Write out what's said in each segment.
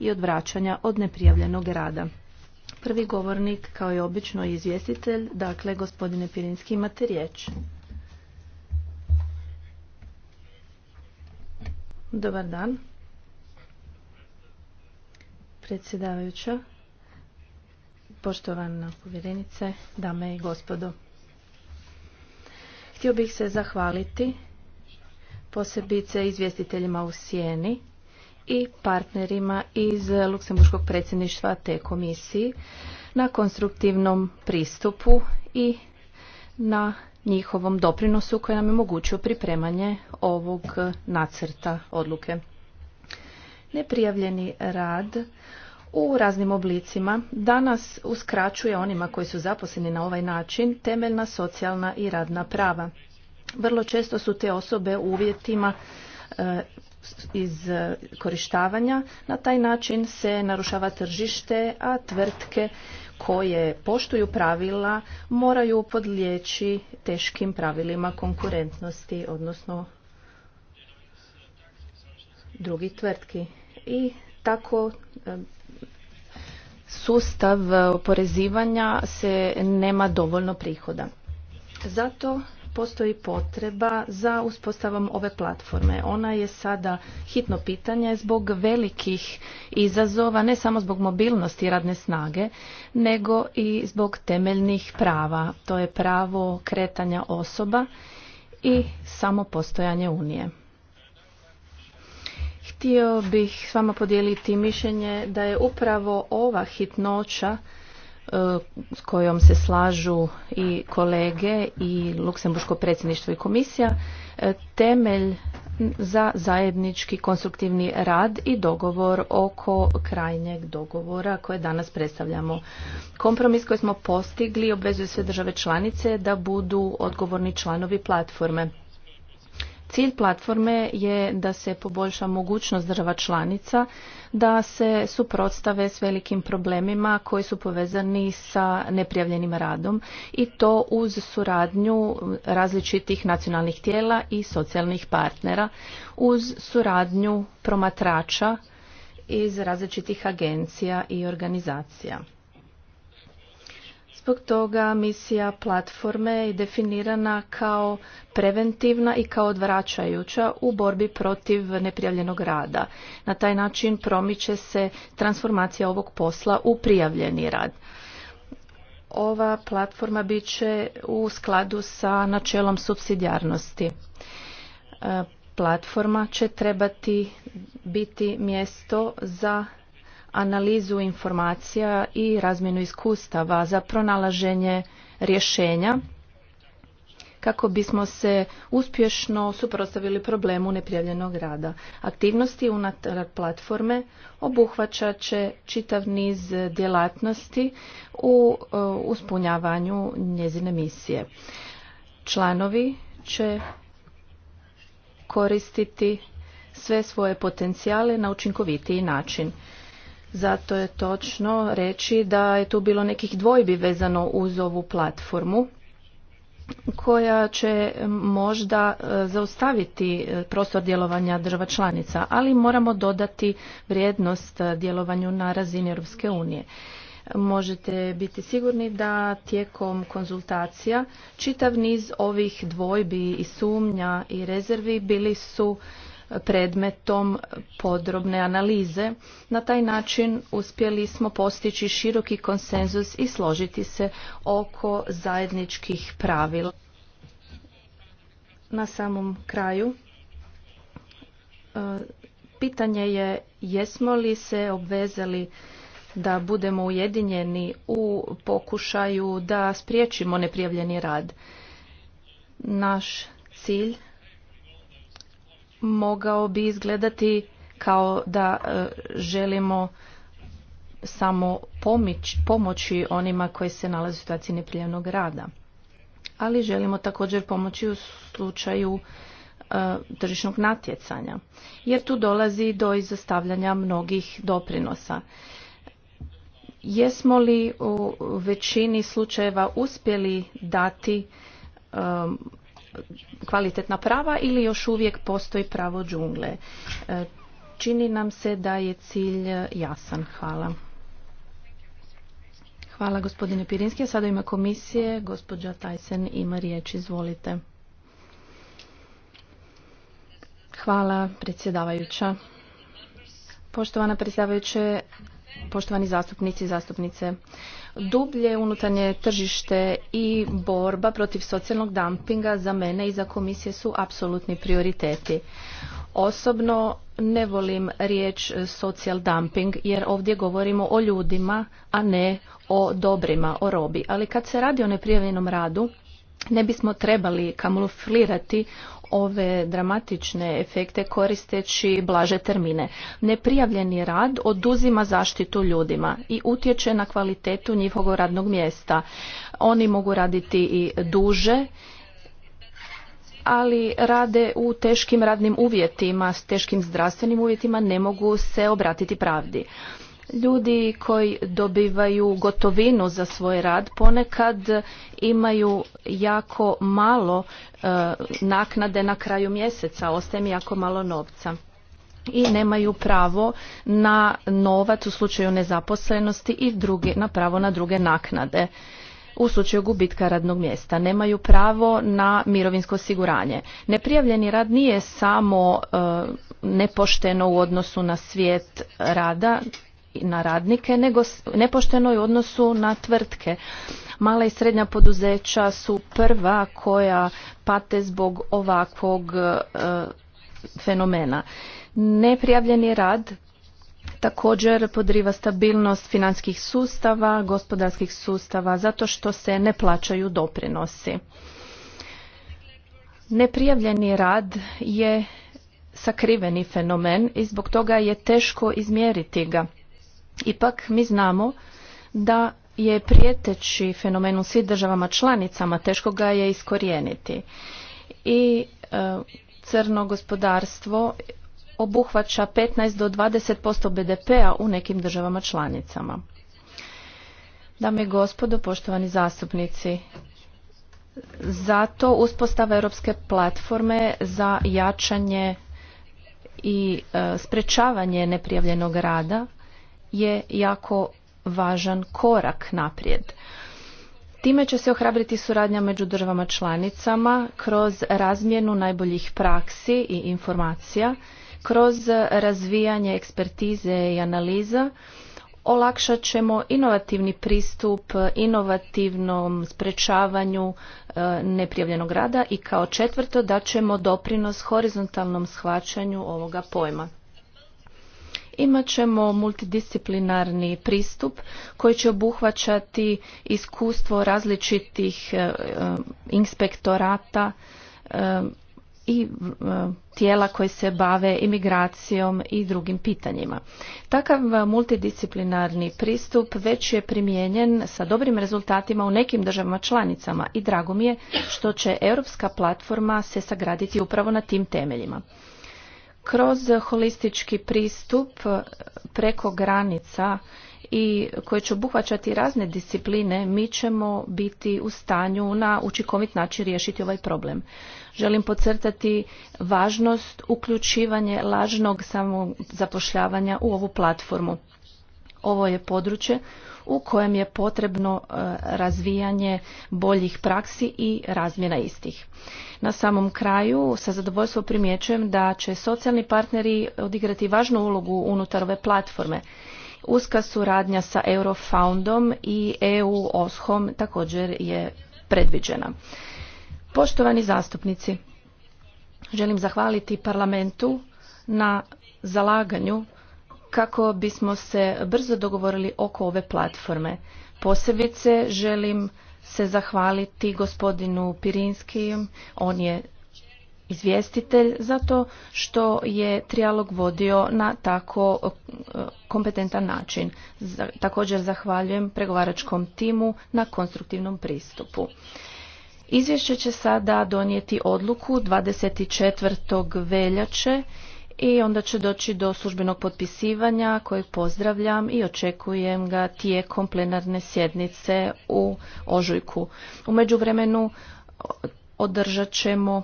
i odvraćanja od neprijavljenog rada. Prvi govornik, kao i obično, izvjestitelj, dakle, gospodine Pirinski, imate riječ. Dobar dan. Predsjedavajuća, poštovana povjerenice, dame i gospodo. Htio bih se zahvaliti posebice izvjestiteljima u Sijeni i partnerima iz Luksemburškog predsjedništva te komisiji na konstruktivnom pristupu i na njihovom doprinosu koji nam je omogućio pripremanje ovog nacrta odluke. Neprijavljeni rad u raznim oblicima danas uskraćuje onima koji su zaposleni na ovaj način temeljna socijalna i radna prava. Vrlo često su te osobe u uvjetima e, iz e, korištavanja. Na taj način se narušava tržište, a tvrtke koje poštuju pravila moraju podlijeći teškim pravilima konkurentnosti, odnosno drugi tvrtki. I tako e, sustav oporezivanja se nema dovoljno prihoda. Zato postoji potreba za uspostavom ove platforme. Ona je sada hitno pitanje zbog velikih izazova, ne samo zbog mobilnosti radne snage, nego i zbog temeljnih prava. To je pravo kretanja osoba i samo postojanje Unije. Htio bih s vama podijeliti mišljenje da je upravo ova hitnoća E, s kojom se slažu i kolege i Luksemburško predsjedništvo i komisija e, temelj za zajednički konstruktivni rad i dogovor oko krajnjeg dogovora koje danas predstavljamo. Kompromis koji smo postigli obvezuje sve države članice da budu odgovorni članovi platforme. Cilj platforme je da se poboljša mogućnost država članica da se suprotstave s velikim problemima koji su povezani sa neprijavljenim radom i to uz suradnju različitih nacionalnih tijela i socijalnih partnera uz suradnju promatrača iz različitih agencija i organizacija. Zbog toga misija platforme je definirana kao preventivna i kao odvraćajuća u borbi protiv neprijavljenog rada. Na taj način promiče se transformacija ovog posla u prijavljeni rad. Ova platforma bit će u skladu sa načelom subsidijarnosti. E, platforma će trebati biti mjesto za analizu informacija i razmjenu iskustava za pronalaženje rješenja kako bismo se uspješno suprotstavili problemu neprijavljenog rada. Aktivnosti unutar platforme obuhvaćat će čitav niz djelatnosti u e, uspunjavanju njezine misije. Članovi će koristiti sve svoje potencijale na učinkovitiji način. Zato je točno reći da je tu bilo nekih dvojbi vezano uz ovu platformu koja će možda e, zaustaviti e, prostor djelovanja država članica, ali moramo dodati vrijednost e, djelovanju na razini Europske unije. Možete biti sigurni da tijekom konzultacija čitav niz ovih dvojbi i sumnja i rezervi bili su predmetom podrobne analize. Na taj način uspjeli smo postići široki konsenzus i složiti se oko zajedničkih pravila. Na samom kraju e, pitanje je jesmo li se obvezali da budemo ujedinjeni u pokušaju da spriječimo neprijavljeni rad. Naš cilj mogao bi izgledati kao da e, želimo samo pomoći onima koji se nalaze u situaciji neprijavnog rada. Ali želimo također pomoći u slučaju e, tržišnog natjecanja, jer tu dolazi do izostavljanja mnogih doprinosa. Jesmo li u većini slučajeva uspjeli dati e, kvalitetna prava ili još uvijek postoji pravo džungle. E, čini nam se da je cilj jasan. Hvala. Hvala gospodine Pirinski. Sada ima komisije. Gospodža Tajsen ima riječ. Izvolite. Hvala predsjedavajuća. Poštovana predsjedavajuće, poštovani zastupnici i zastupnice dublje unutarnje tržište i borba protiv socijalnog dumpinga za mene i za komisije su apsolutni prioriteti. Osobno ne volim riječ social dumping jer ovdje govorimo o ljudima, a ne o dobrima, o robi. Ali kad se radi o neprijavljenom radu, ne bismo trebali kamuflirati ove dramatične efekte koristeći blaže termine. Neprijavljeni rad oduzima zaštitu ljudima i utječe na kvalitetu njihovog radnog mjesta. Oni mogu raditi i duže ali rade u teškim radnim uvjetima, s teškim zdravstvenim uvjetima, ne mogu se obratiti pravdi. Ljudi koji dobivaju gotovinu za svoj rad ponekad imaju jako malo e, naknade na kraju mjeseca, ostaje im jako malo novca i nemaju pravo na novac u slučaju nezaposlenosti i druge, na pravo na druge naknade u slučaju gubitka radnog mjesta. Nemaju pravo na mirovinsko osiguranje. Neprijavljeni rad nije samo e, nepošteno u odnosu na svijet rada, na radnike nego nepošteno u odnosu na tvrtke. Mala i srednja poduzeća su prva koja pate zbog ovakvog e, fenomena. Neprijavljeni rad također podriva stabilnost finanskih sustava, gospodarskih sustava zato što se ne plaćaju doprinosi. Neprijavljeni rad je sakriveni fenomen i zbog toga je teško izmjeriti ga. Ipak mi znamo da je prijeteći fenomen u svim državama članicama, teško ga je iskorijeniti. I e, crno gospodarstvo obuhvaća 15 do 20% BDP-a u nekim državama članicama. Dame i gospodo, poštovani zastupnici, zato uspostava europske platforme za jačanje i e, sprečavanje neprijavljenog rada je jako važan korak naprijed. Time će se ohrabriti suradnja među državama članicama kroz razmjenu najboljih praksi i informacija, kroz razvijanje ekspertize i analiza, olakšat ćemo inovativni pristup inovativnom sprečavanju e, neprijavljenog rada i kao četvrto da ćemo doprinos horizontalnom shvaćanju ovoga pojma imat ćemo multidisciplinarni pristup koji će obuhvaćati iskustvo različitih e, e, inspektorata e, i tijela koje se bave imigracijom i drugim pitanjima. Takav multidisciplinarni pristup već je primijenjen sa dobrim rezultatima u nekim državama članicama i drago mi je što će europska platforma se sagraditi upravo na tim temeljima. Kroz holistički pristup e, preko granica i koje će obuhvaćati razne discipline, mi ćemo biti u stanju na učinkovit način riješiti ovaj problem. Želim podcrtati važnost uključivanje lažnog samozapošljavanja u ovu platformu. Ovo je područje u kojem je potrebno e, razvijanje boljih praksi i razmjena istih. Na samom kraju sa zadovoljstvom primjećujem da će socijalni partneri odigrati važnu ulogu unutar ove platforme. Uska suradnja sa Eurofoundom i EU OSHOM također je predviđena. Poštovani zastupnici, želim zahvaliti parlamentu na zalaganju kako bismo se brzo dogovorili oko ove platforme. Posebice želim se zahvaliti gospodinu Pirinskijem, on je izvjestitelj za to što je trijalog vodio na tako e, kompetentan način. Također zahvaljujem pregovaračkom timu na konstruktivnom pristupu. Izvješće će sada donijeti odluku 24. veljače i onda će doći do službenog potpisivanja kojeg pozdravljam i očekujem ga tijekom plenarne sjednice u Ožujku. U međuvremenu održat ćemo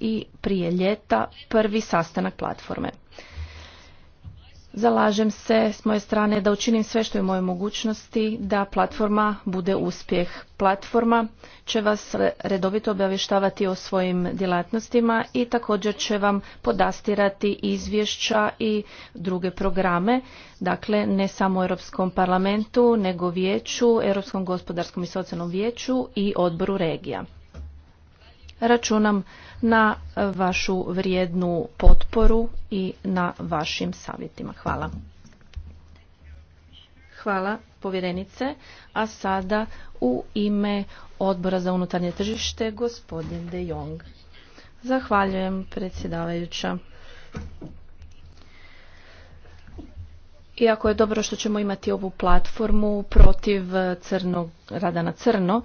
i prije ljeta prvi sastanak platforme. Zalažem se s moje strane da učinim sve što je u mojoj mogućnosti da platforma bude uspjeh. Platforma će vas redovito obavještavati o svojim djelatnostima i također će vam podastirati izvješća i druge programe, dakle ne samo u Europskom parlamentu, nego vijeću, Europskom gospodarskom i socijalnom vijeću i odboru regija. Računam na vašu vrijednu potporu i na vašim savjetima. Hvala. Hvala povjerenice. A sada u ime odbora za unutarnje tržište gospodin De Jong. Zahvaljujem predsjedavajuća. Iako je dobro što ćemo imati ovu platformu protiv crnog rada na crno,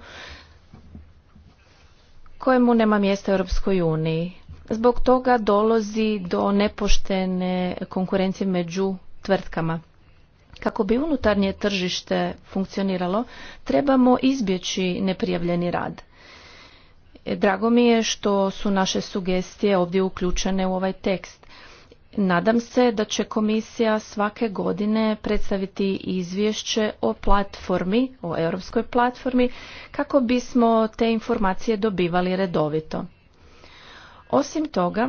kojemu nema mjesta u Europskoj uniji. Zbog toga dolazi do nepoštene konkurencije među tvrtkama. Kako bi unutarnje tržište funkcioniralo, trebamo izbjeći neprijavljeni rad. E, drago mi je što su naše sugestije ovdje uključene u ovaj tekst. Nadam se da će komisija svake godine predstaviti izvješće o platformi, o europskoj platformi, kako bismo te informacije dobivali redovito. Osim toga,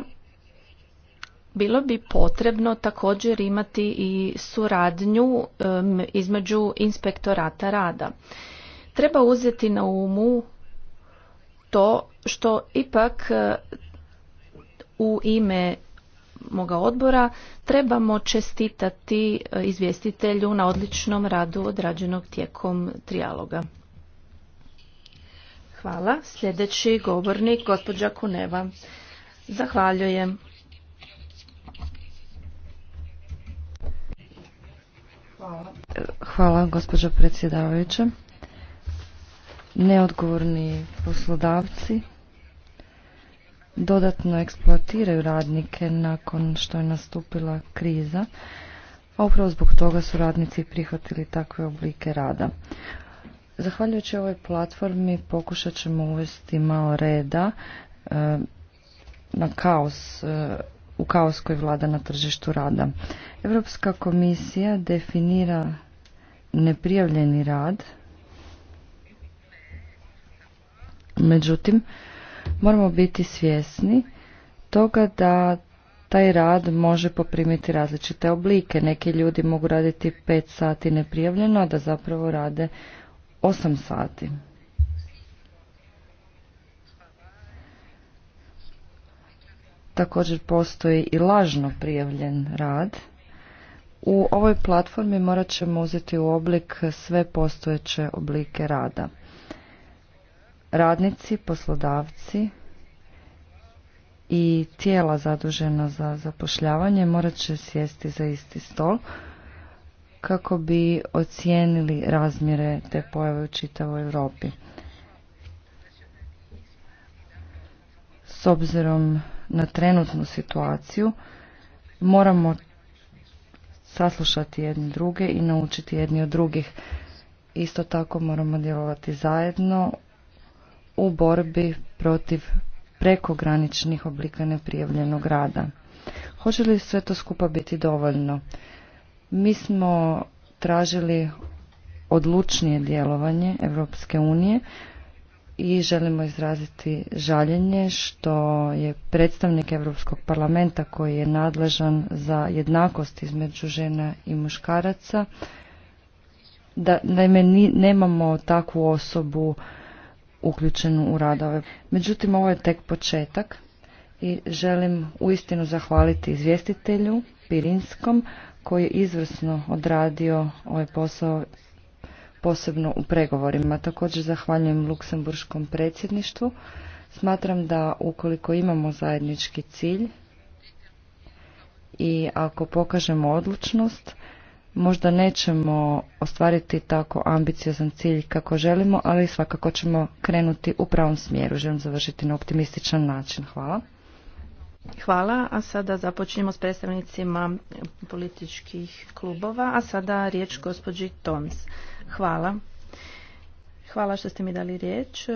bilo bi potrebno također imati i suradnju između inspektorata rada. Treba uzeti na umu to što ipak u ime moga odbora trebamo čestitati e, izvjestitelju na odličnom radu odrađenog tijekom trijaloga. Hvala. Sljedeći govornik, gospođa Kuneva. Zahvaljujem. Hvala. Hvala, gospođo predsjedavajuća. Neodgovorni poslodavci dodatno eksploatiraju radnike nakon što je nastupila kriza, a upravo zbog toga su radnici prihvatili takve oblike rada. Zahvaljujući ovoj platformi pokušat ćemo uvesti malo reda e, na kaos, e, u kaos koji vlada na tržištu rada. Europska komisija definira neprijavljeni rad, međutim, moramo biti svjesni toga da taj rad može poprimiti različite oblike. Neki ljudi mogu raditi 5 sati neprijavljeno, a da zapravo rade 8 sati. Također postoji i lažno prijavljen rad. U ovoj platformi morat ćemo uzeti u oblik sve postojeće oblike rada. Radnici, poslodavci i tijela zadužena za zapošljavanje morat će sjesti za isti stol kako bi ocijenili razmjere te pojave u čitavoj Europi. S obzirom na trenutnu situaciju moramo saslušati jedni druge i naučiti jedni od drugih. Isto tako moramo djelovati zajedno u borbi protiv prekograničnih oblika neprijavljenog rada. Hoće li sve to skupa biti dovoljno? Mi smo tražili odlučnije djelovanje Europske unije i želimo izraziti žaljenje što je predstavnik Europskog parlamenta koji je nadležan za jednakost između žena i muškaraca da naime nemamo takvu osobu uključenu u radove. Međutim, ovo je tek početak i želim uistinu zahvaliti izvjestitelju Pirinskom koji je izvrsno odradio ovaj posao posebno u pregovorima. Također zahvaljujem Luksemburškom predsjedništvu. Smatram da ukoliko imamo zajednički cilj i ako pokažemo odlučnost, možda nećemo ostvariti tako ambiciozan cilj kako želimo, ali svakako ćemo krenuti u pravom smjeru. Želim završiti na optimističan način. Hvala. Hvala, a sada započinjemo s predstavnicima političkih klubova, a sada riječ gospođi Toms. Hvala. Hvala što ste mi dali riječ.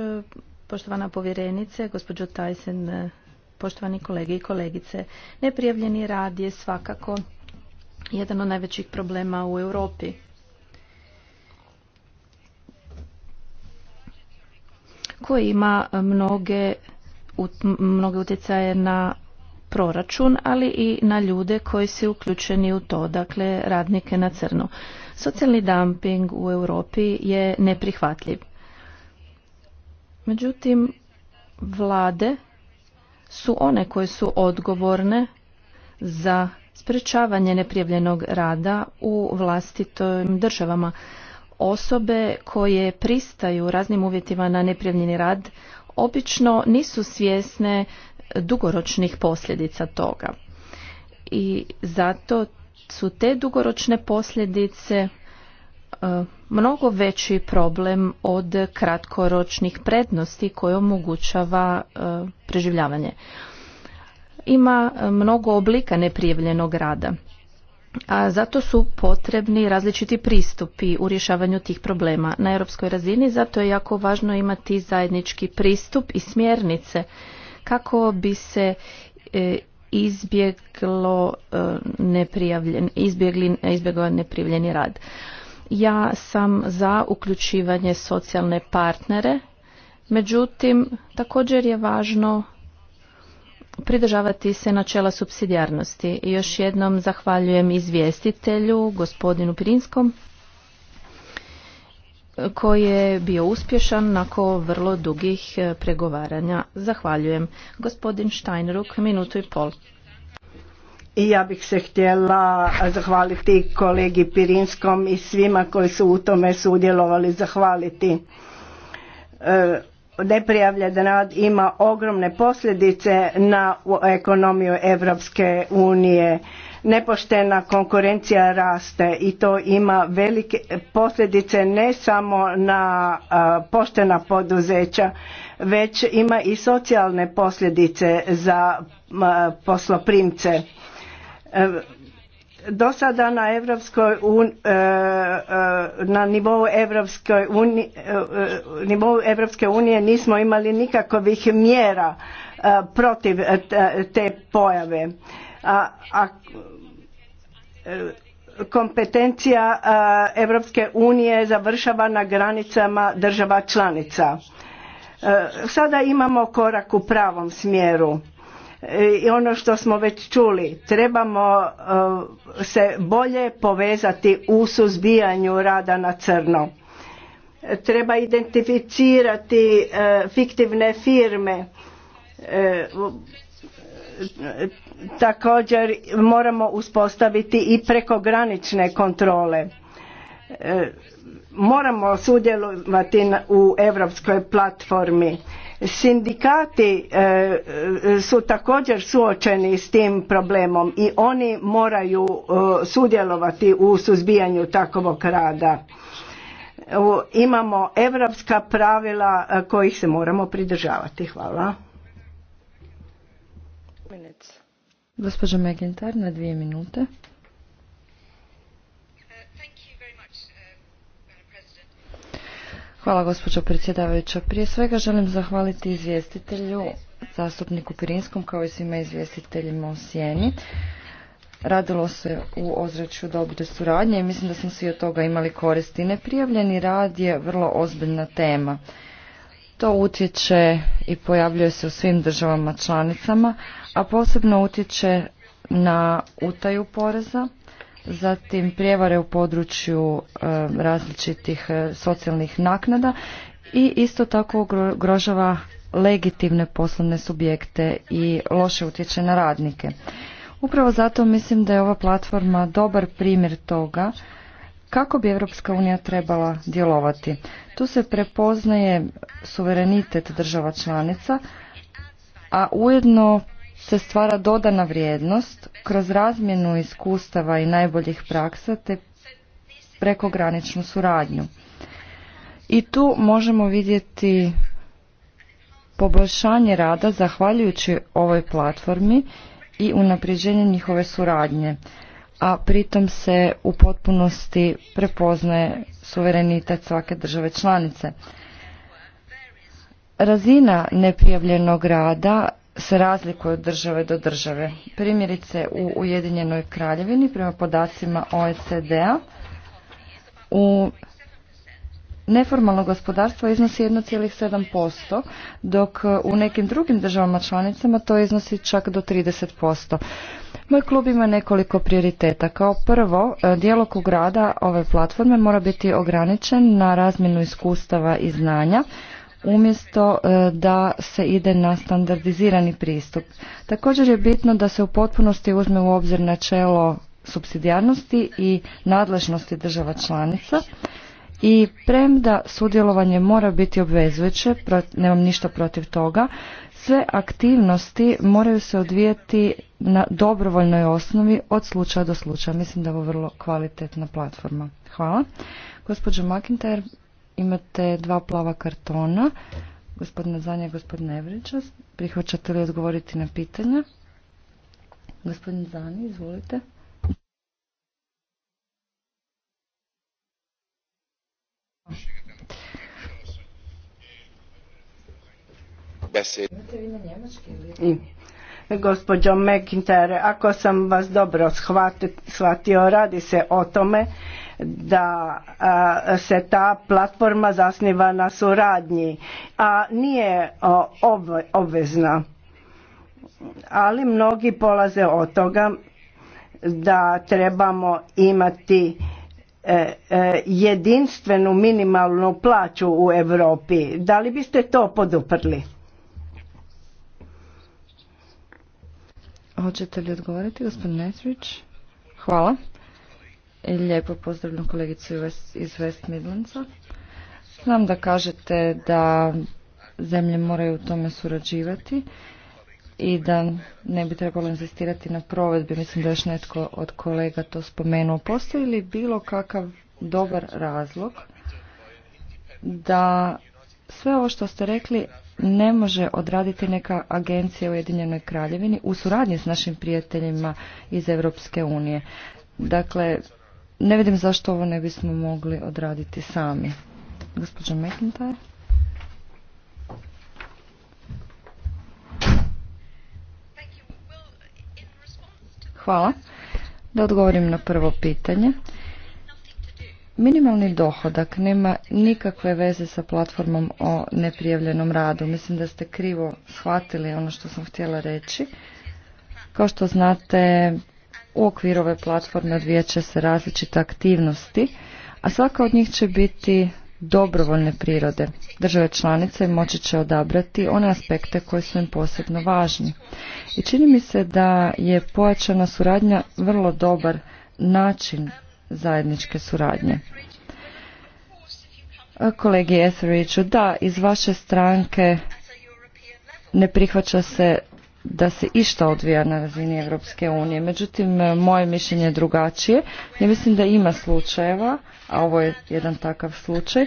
Poštovana povjerenice, gospođo Tajsen, poštovani kolege i kolegice, neprijavljeni rad je svakako jedan od najvećih problema u Europi. koji ima mnoge, utjecaje na proračun, ali i na ljude koji su uključeni u to, dakle radnike na crno. Socijalni dumping u Europi je neprihvatljiv. Međutim, vlade su one koje su odgovorne za sprečavanje neprijavljenog rada u vlastitim državama. Osobe koje pristaju raznim uvjetima na neprijavljeni rad obično nisu svjesne dugoročnih posljedica toga. I zato su te dugoročne posljedice e, mnogo veći problem od kratkoročnih prednosti koje omogućava e, preživljavanje ima e, mnogo oblika neprijavljenog rada a zato su potrebni različiti pristupi u rješavanju tih problema na europskoj razini zato je jako važno imati zajednički pristup i smjernice kako bi se e, izbjeglo e, neprijavljen, neprijavljeni rad. Ja sam za uključivanje socijalne partnere, međutim također je važno pridržavati se načela subsidijarnosti. I još jednom zahvaljujem izvjestitelju, gospodinu Pirinskom, koji je bio uspješan nakon vrlo dugih e, pregovaranja. Zahvaljujem. Gospodin Štajnruk, minutu i pol. I ja bih se htjela zahvaliti kolegi Pirinskom i svima koji su u tome sudjelovali, zahvaliti. E, neprijavljen rad ima ogromne posljedice na ekonomiju Europske unije. Nepoštena konkurencija raste i to ima velike posljedice ne samo na poštena poduzeća, već ima i socijalne posljedice za posloprimce do sada na Evropskoj e, e, na nivou Evropskoj unije, e, Evropske unije nismo imali nikakvih mjera protiv te pojave. A, kompetencija Evropske unije završava na granicama država članica. Sada imamo korak u pravom smjeru E, i ono što smo već čuli trebamo e, se bolje povezati u suzbijanju rada na crno treba identificirati e, fiktivne firme također moramo uspostaviti i prekogranične kontrole moramo sudjelovati u europskoj platformi Sindikati e, e, su također suočeni s tim problemom i oni moraju e, sudjelovati u suzbijanju takvog rada. Imamo evropska pravila kojih se moramo pridržavati. Hvala. Gospođo Megintar, na dvije minute. Hvala gospođo predsjedavajuća. Prije svega želim zahvaliti izvjestitelju, zastupniku Pirinskom kao i svima izvjestiteljima u Sjeni. Radilo se u ozračju dobre suradnje i mislim da smo svi od toga imali koristi. Neprijavljeni rad je vrlo ozbiljna tema. To utječe i pojavljuje se u svim državama članicama, a posebno utječe na utaju poreza zatim prijevare u području e, različitih e, socijalnih naknada i isto tako ugrožava legitimne poslovne subjekte i loše utječe na radnike. Upravo zato mislim da je ova platforma dobar primjer toga kako bi Europska unija trebala djelovati. Tu se prepoznaje suverenitet država članica, a ujedno se stvara dodana vrijednost kroz razmjenu iskustava i najboljih praksa te prekograničnu suradnju. I tu možemo vidjeti poboljšanje rada zahvaljujući ovoj platformi i unapređenje njihove suradnje, a pritom se u potpunosti prepoznaje suverenitet svake države članice. Razina neprijavljenog rada se razlikuje od države do države. Primjerice u Ujedinjenoj kraljevini prema podacima OECD-a u neformalno gospodarstvo iznosi 1,7%, dok u nekim drugim državama članicama to iznosi čak do 30%. Moj klub ima nekoliko prioriteta. Kao prvo, e, djelokrug rada ove platforme mora biti ograničen na razmjenu iskustava i znanja, umjesto e, da se ide na standardizirani pristup. Također je bitno da se u potpunosti uzme u obzir načelo subsidijarnosti i nadležnosti država članica i premda sudjelovanje mora biti obvezujuće, nemam ništa protiv toga, sve aktivnosti moraju se odvijeti na dobrovoljnoj osnovi od slučaja do slučaja. Mislim da je ovo vrlo kvalitetna platforma. Hvala. Gospođo McIntyre, Imate dva plava kartona, gospodina Zanja i gospodina Evrića. Prihvaćate li odgovoriti na pitanja? Gospodin Zani, izvolite. Gospođo McIntyre, ako sam vas dobro shvatio, radi se o tome da se ta platforma zasniva na suradnji, a nije obvezna. Ali mnogi polaze od toga da trebamo imati e, e, jedinstvenu minimalnu plaću u Europi. Da li biste to poduprli? Hoćete li odgovoriti, gospodin Hvala. Lijepo pozdravljam kolegicu iz West Midlandsa. Znam da kažete da zemlje moraju u tome surađivati i da ne bi trebalo insistirati na provedbi. Mislim da još netko od kolega to spomenuo. Postoji li bilo kakav dobar razlog da sve ovo što ste rekli ne može odraditi neka agencija u Ujedinjenoj Kraljevini u suradnji s našim prijateljima iz Europske unije. Dakle, ne vidim zašto ovo ne bismo mogli odraditi sami. Gospođa McIntyre. Hvala. Da odgovorim na prvo pitanje. Minimalni dohodak nema nikakve veze sa platformom o neprijavljenom radu. Mislim da ste krivo shvatili ono što sam htjela reći. Kao što znate, u okviru ove platforme odvijat se različite aktivnosti, a svaka od njih će biti dobrovoljne prirode. Države članice moći će odabrati one aspekte koji su im posebno važni. I čini mi se da je pojačana suradnja vrlo dobar način zajedničke suradnje. Kolegi Etheridgeu, da, iz vaše stranke ne prihvaća se da se išta odvija na razini Europske unije. Međutim, e, moje mišljenje je drugačije. Ja mislim da ima slučajeva, a ovo je jedan takav slučaj,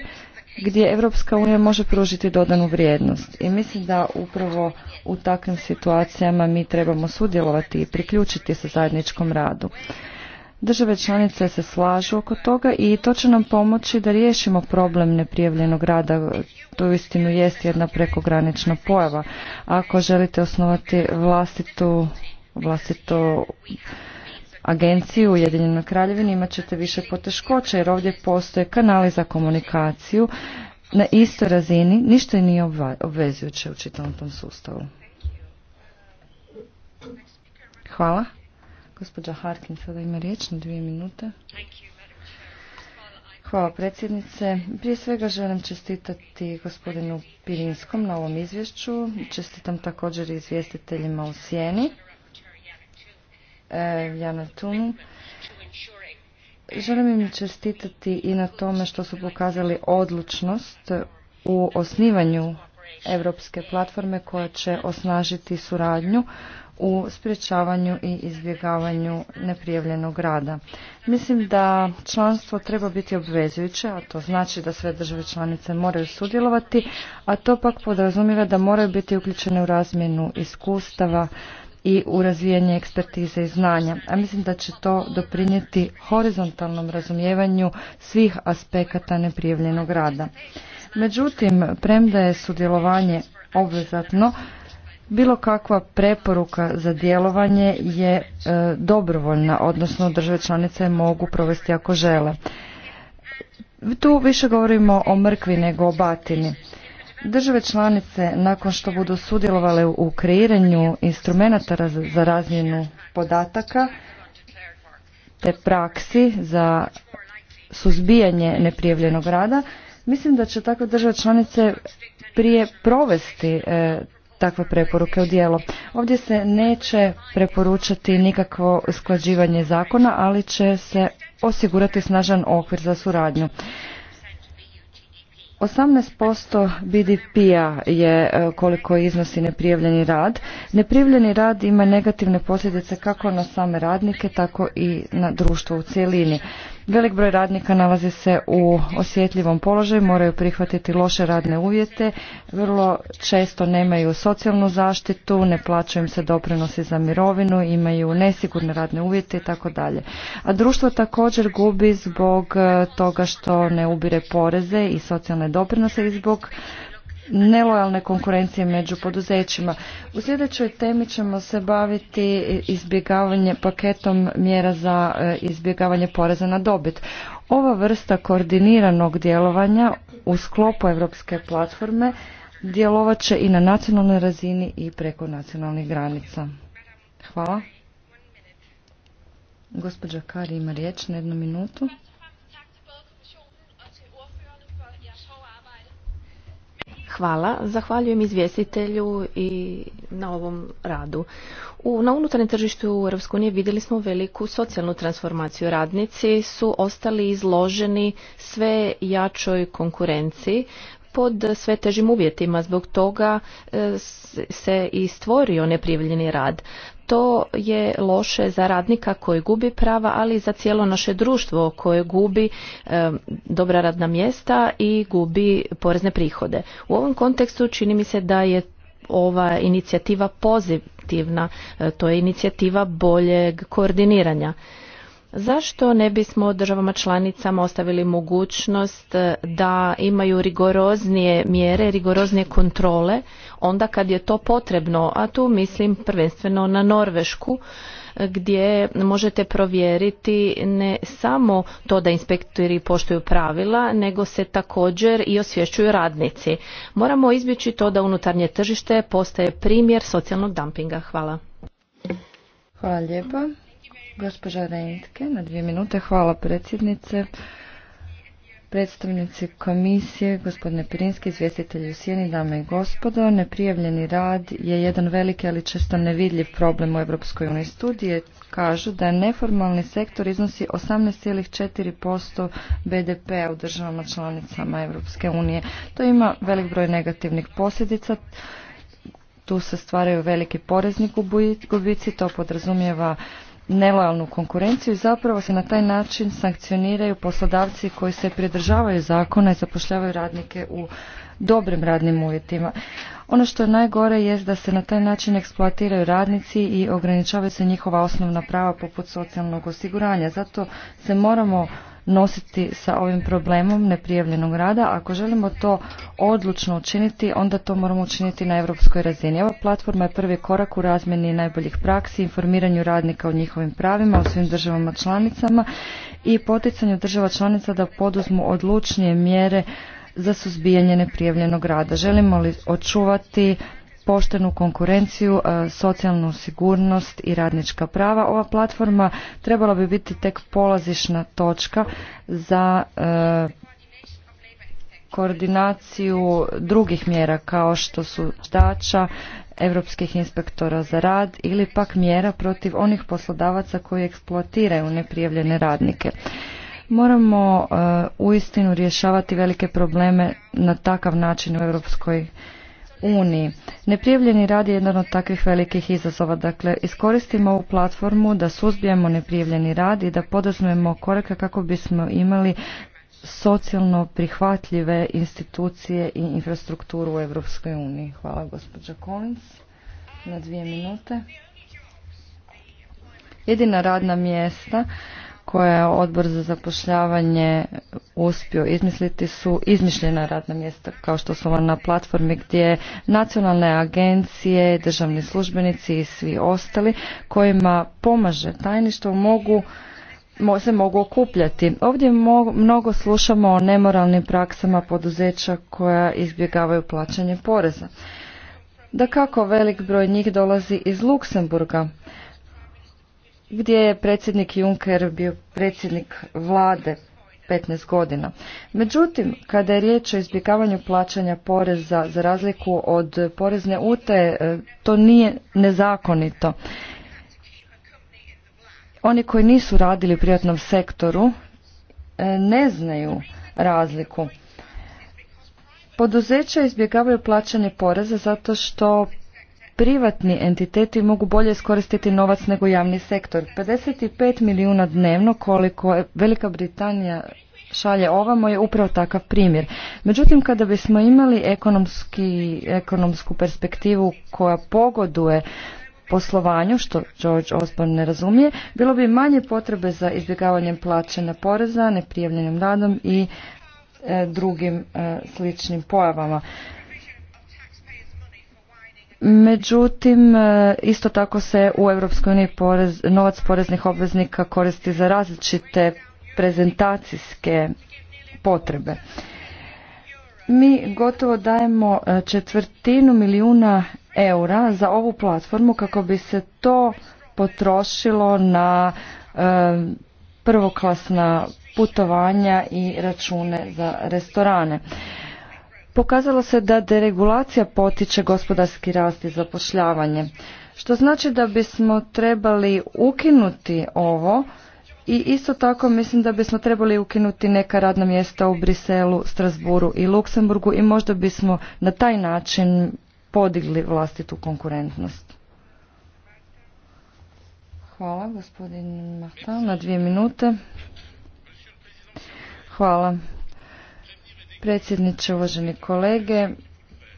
gdje Europska unija može pružiti dodanu vrijednost. I mislim da upravo u takvim situacijama mi trebamo sudjelovati i priključiti se zajedničkom radu. Države članice se slažu oko toga i to će nam pomoći da riješimo problem neprijavljenog rada. To istinu jest jedna prekogranična pojava. Ako želite osnovati vlastitu, vlastitu agenciju u Ujedinjenoj kraljevini imat ćete više poteškoća jer ovdje postoje kanali za komunikaciju na istoj razini. Ništa nije obvezujuće u čitavom tom sustavu. Hvala. Gospođa Harkin sada ima riječ na dvije minute. Hvala predsjednice. Prije svega želim čestitati gospodinu Pirinskom na ovom izvješću. Čestitam također i izvjestiteljima u Sjeni, e, Jana Tunu. Želim im čestitati i na tome što su pokazali odlučnost u osnivanju europske platforme koja će osnažiti suradnju u sprječavanju i izbjegavanju neprijavljenog rada. Mislim da članstvo treba biti obvezujuće, a to znači da sve države članice moraju sudjelovati, a to pak podrazumijeva da moraju biti uključene u razmjenu iskustava i u razvijanje ekspertize i znanja. A mislim da će to doprinijeti horizontalnom razumijevanju svih aspekata neprijavljenog rada. Međutim, premda je sudjelovanje obvezatno, bilo kakva preporuka za djelovanje je e, dobrovoljna, odnosno države članice mogu provesti ako žele. Tu više govorimo o mrkvi nego o batini. Države članice nakon što budu sudjelovale u kreiranju instrumenata za razmjenu podataka te praksi za suzbijanje neprijavljenog rada, mislim da će takve države članice prije provesti e, takve preporuke u dijelo. Ovdje se neće preporučati nikakvo usklađivanje zakona, ali će se osigurati snažan okvir za suradnju. 18% BDP-a je e, koliko iznosi neprijavljeni rad. Neprijavljeni rad ima negativne posljedice kako na same radnike, tako i na društvo u cijelini. Velik broj radnika nalazi se u osjetljivom položaju, moraju prihvatiti loše radne uvjete, vrlo često nemaju socijalnu zaštitu, ne plaćaju im se doprinosi za mirovinu, imaju nesigurne radne uvjete i tako dalje. A društvo također gubi zbog eh, toga što ne ubire poreze i socijalne doprinose i zbog nelojalne konkurencije među poduzećima. U sljedećoj temi ćemo se baviti izbjegavanje paketom mjera za e, izbjegavanje poreza na dobit. Ova vrsta koordiniranog djelovanja u sklopu Europske platforme djelovat će i na nacionalnoj razini i preko nacionalnih granica. Hvala. Gospođa Kari ima riječ na jednu minutu. Hvala. Zahvaljujem izvjestitelju i na ovom radu. U, na unutarnjem tržištu u EU vidjeli smo veliku socijalnu transformaciju. Radnici su ostali izloženi sve jačoj konkurenciji pod sve težim uvjetima. Zbog toga e, se i stvorio neprijavljeni rad to je loše za radnika koji gubi prava, ali i za cijelo naše društvo koje gubi dobra radna mjesta i gubi porezne prihode. U ovom kontekstu čini mi se da je ova inicijativa pozitivna, e, to je inicijativa boljeg koordiniranja. Zašto ne bismo državama članicama ostavili mogućnost e, da imaju rigoroznije mjere, rigoroznije kontrole onda kad je to potrebno, a tu mislim prvenstveno na Norvešku e, gdje možete provjeriti ne samo to da inspektori poštuju pravila, nego se također i osvješćuju radnici. Moramo izbjeći to da unutarnje tržište postaje primjer socijalnog dumpinga. Hvala. Hvala lijepa. Gospođa Rentke, na dvije minute. Hvala predsjednice. Predstavnici komisije, gospodine Pirinski, izvjestitelji u Sjeni, dame i gospodo, neprijavljeni rad je jedan veliki, ali često nevidljiv problem u Europskoj uniji. Studije kažu da neformalni sektor iznosi 18,4% BDP-a u državama članicama Europske unije. To ima velik broj negativnih posljedica. Tu se stvaraju veliki porezni gubici, to podrazumijeva nelojalnu konkurenciju i zapravo se na taj način sankcioniraju poslodavci koji se pridržavaju zakona i zapošljavaju radnike u dobrim radnim uvjetima. Ono što je najgore jest da se na taj način eksploatiraju radnici i ograničavaju se njihova osnovna prava poput socijalnog osiguranja. Zato se moramo nositi sa ovim problemom neprijavljenog rada. Ako želimo to odlučno učiniti, onda to moramo učiniti na europskoj razini. Ova platforma je prvi korak u razmjeni najboljih praksi, informiranju radnika o njihovim pravima u svim državama članicama i poticanju država članica da poduzmu odlučnije mjere za suzbijanje neprijavljenog rada. Želimo li očuvati poštenu konkurenciju, e, socijalnu sigurnost i radnička prava. Ova platforma trebala bi biti tek polazišna točka za e, koordinaciju drugih mjera kao što su štača, europskih inspektora za rad ili pak mjera protiv onih poslodavaca koji eksploatiraju neprijavljene radnike. Moramo e, uistinu rješavati velike probleme na takav način u Europskoj uniji. Neprijavljeni rad je jedan od takvih velikih izazova. Dakle, iskoristimo ovu platformu da suzbijemo neprijavljeni rad i da poduzmemo korake kako bismo imali socijalno prihvatljive institucije i infrastrukturu u Europskoj uniji. Hvala gospođa Collins na dvije minute. Jedina radna mjesta koje je odbor za zapošljavanje uspio izmisliti su izmišljena radna mjesta kao što su na platformi gdje nacionalne agencije, državni službenici i svi ostali kojima pomaže tajništvo mogu se mogu okupljati. Ovdje mnogo slušamo o nemoralnim praksama poduzeća koja izbjegavaju plaćanje poreza. Da kako velik broj njih dolazi iz Luksemburga, gdje je predsjednik Juncker bio predsjednik vlade 15 godina. Međutim, kada je riječ o izbjegavanju plaćanja poreza za razliku od porezne utaje, e, to nije nezakonito. Oni koji nisu radili u privatnom sektoru e, ne znaju razliku. Poduzeća izbjegavaju plaćanje poreza zato što privatni entiteti mogu bolje iskoristiti novac nego javni sektor. 55 milijuna dnevno koliko Velika Britanija šalje ovamo je upravo takav primjer. Međutim, kada bismo imali ekonomski, ekonomsku perspektivu koja pogoduje poslovanju, što George Osborne ne razumije, bilo bi manje potrebe za izbjegavanjem plaćanja poreza, neprijavljenim radom i e, drugim e, sličnim pojavama. Međutim, e, isto tako se u EU porez, novac poreznih obveznika koristi za različite prezentacijske potrebe. Mi gotovo dajemo e, četvrtinu milijuna eura za ovu platformu kako bi se to potrošilo na e, prvoklasna putovanja i račune za restorane pokazalo se da deregulacija potiče gospodarski rast i zapošljavanje. Što znači da bismo trebali ukinuti ovo i isto tako mislim da bismo trebali ukinuti neka radna mjesta u Briselu, Strasburu i Luksemburgu i možda bismo na taj način podigli vlastitu konkurentnost. Hvala gospodin na dvije minute. Hvala predsjedniče, uvaženi kolege.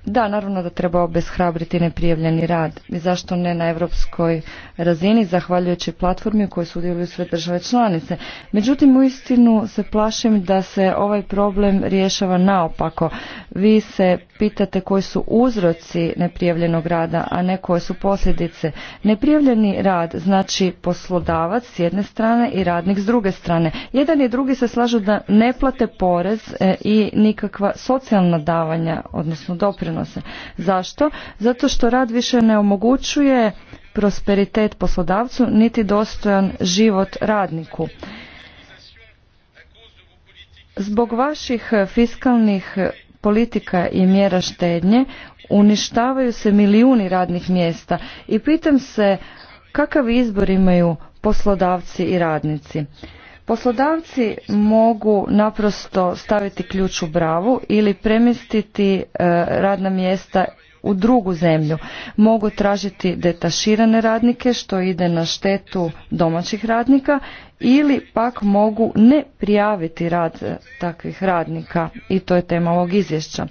Da, naravno da treba obeshrabriti neprijavljeni rad. I zašto ne na europskoj razini, zahvaljujući platformi u su sudjeluju sve države članice. Međutim, u istinu se plašim da se ovaj problem rješava naopako. Vi se pitate koji su uzroci neprijavljenog rada, a ne koje su posljedice. Neprijavljeni rad znači poslodavac s jedne strane i radnik s druge strane. Jedan i drugi se slažu da ne plate porez e, i nikakva socijalna davanja, odnosno doprinos Zašto? Zato što rad više ne omogućuje prosperitet poslodavcu niti dostojan život radniku. Zbog vaših fiskalnih politika i mjera štednje uništavaju se milijuni radnih mjesta i pitam se kakav izbor imaju poslodavci i radnici. Poslodavci mogu naprosto staviti ključ u bravu ili premjestiti e, radna mjesta u drugu zemlju. Mogu tražiti detaširane radnike što ide na štetu domaćih radnika ili pak mogu ne prijaviti rad e, takvih radnika i to je tema ovog izvješća.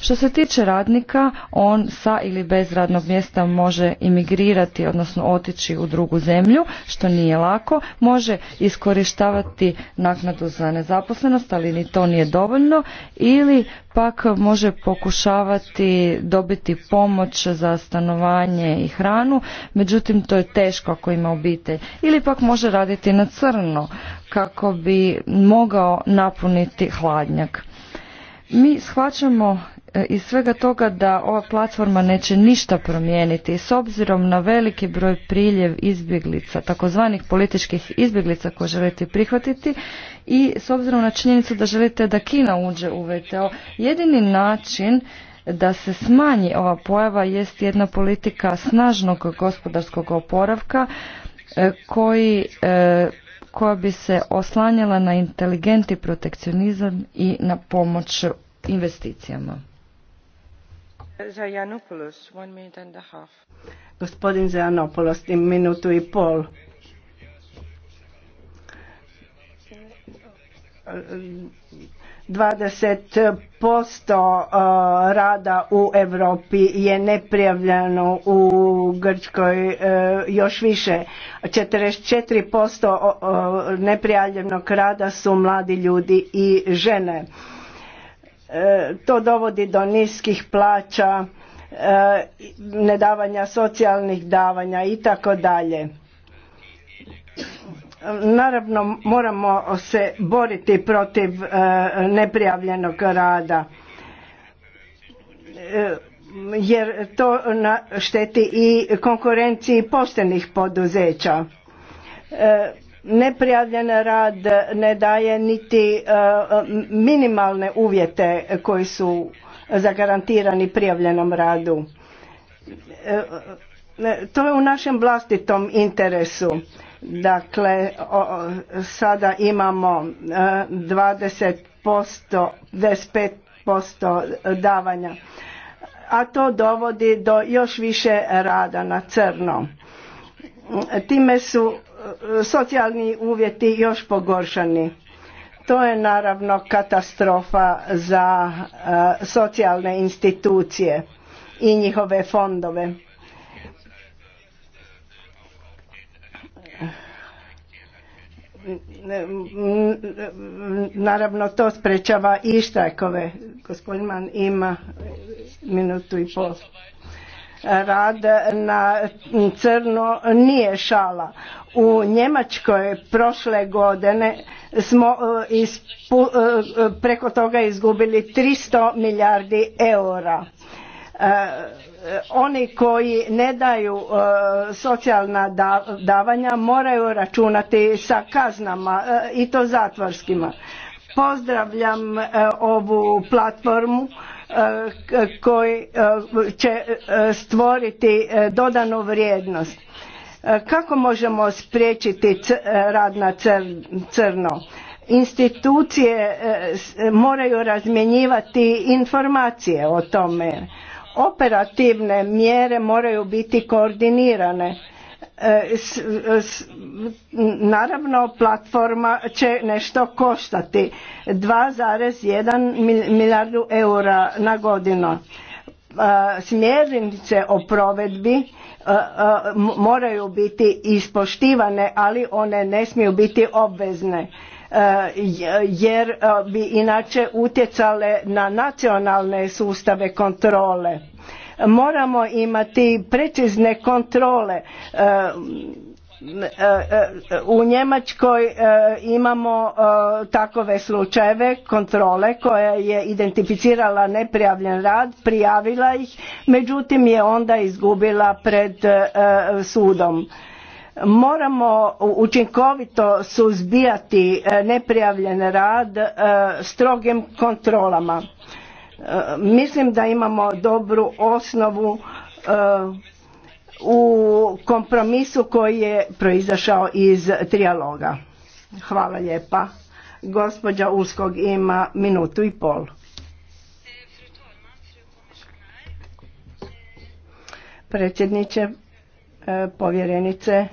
Što se tiče radnika, on sa ili bez radnog mjesta može imigrirati, odnosno otići u drugu zemlju, što nije lako, može iskorištavati naknadu za nezaposlenost, ali ni to nije dovoljno, ili pak može pokušavati dobiti pomoć za stanovanje i hranu, međutim to je teško ako ima obitelj, ili pak može raditi na crno zrno kako bi mogao napuniti hladnjak. Mi shvaćamo e, iz svega toga da ova platforma neće ništa promijeniti s obzirom na veliki broj priljev izbjeglica, takozvanih političkih izbjeglica koje želite prihvatiti i s obzirom na činjenicu da želite da Kina uđe u VTO, jedini način da se smanji ova pojava jest jedna politika snažnog gospodarskog oporavka e, koji e, koja bi se oslanjala na inteligentni protekcionizam i na pomoć investicijama. Zajanopoulos, one minute and a half. Gospodin Zajanopoulos, minutu i pol. 20% e, rada u Europi je neprijavljeno u Grčkoj e, još više. 44% neprijavljenog rada su mladi ljudi i žene. E, to dovodi do niskih plaća, nedavanja socijalnih davanja i tako dalje Naravno moramo se boriti protiv e, neprijavljenog rada e, jer to šteti i konkurenciji poštenih poduzeća. E, neprijavljen rad ne daje niti minimalne uvjete koji su zagarantirani prijavljenom radu. To je u našem vlastitom interesu Dakle, sada imamo 20%, e, 25% davanja, a to dovodi do još više rada na crno. Time su e, socijalni uvjeti još pogoršani. To je naravno katastrofa za e, socijalne institucije i njihove fondove naravno to sprečava i štrajkove. Gospodin Man ima minutu i pol. Rad na crno nije šala. U Njemačkoj prošle godine smo e, e, e, preko toga izgubili 300 milijardi eura oni koji ne daju e, socijalna davanja moraju računati sa kaznama e, i to zatvorskima. Pozdravljam e, ovu platformu koji će stvoriti dodanu vrijednost. Kako možemo spriječiti rad na crno? Institucije moraju razmjenjivati informacije o tome operativne mjere moraju biti koordinirane e, naravno platforma će nešto koštati 2,1 milijardu eura na godinu e, smjernice o provedbi e, moraju biti ispoštivane ali one ne smiju biti obvezne Eh, jer eh, bi inače utjecale na nacionalne sustave kontrole. Moramo imati precizne kontrole. Eh, u Njemačkoj imamo takove slučajeve kontrole koja je identificirala neprijavljen rad, prijavila ih, međutim je onda izgubila pred sudom moramo učinkovito suzbijati e, neprijavljen rad e, strogim kontrolama e, mislim da imamo dobru osnovu u kompromisu koji je proizašao iz trijaloga hvala lijepa gospođa Uskog ima minutu i pol predsjedniče E, povjerenice.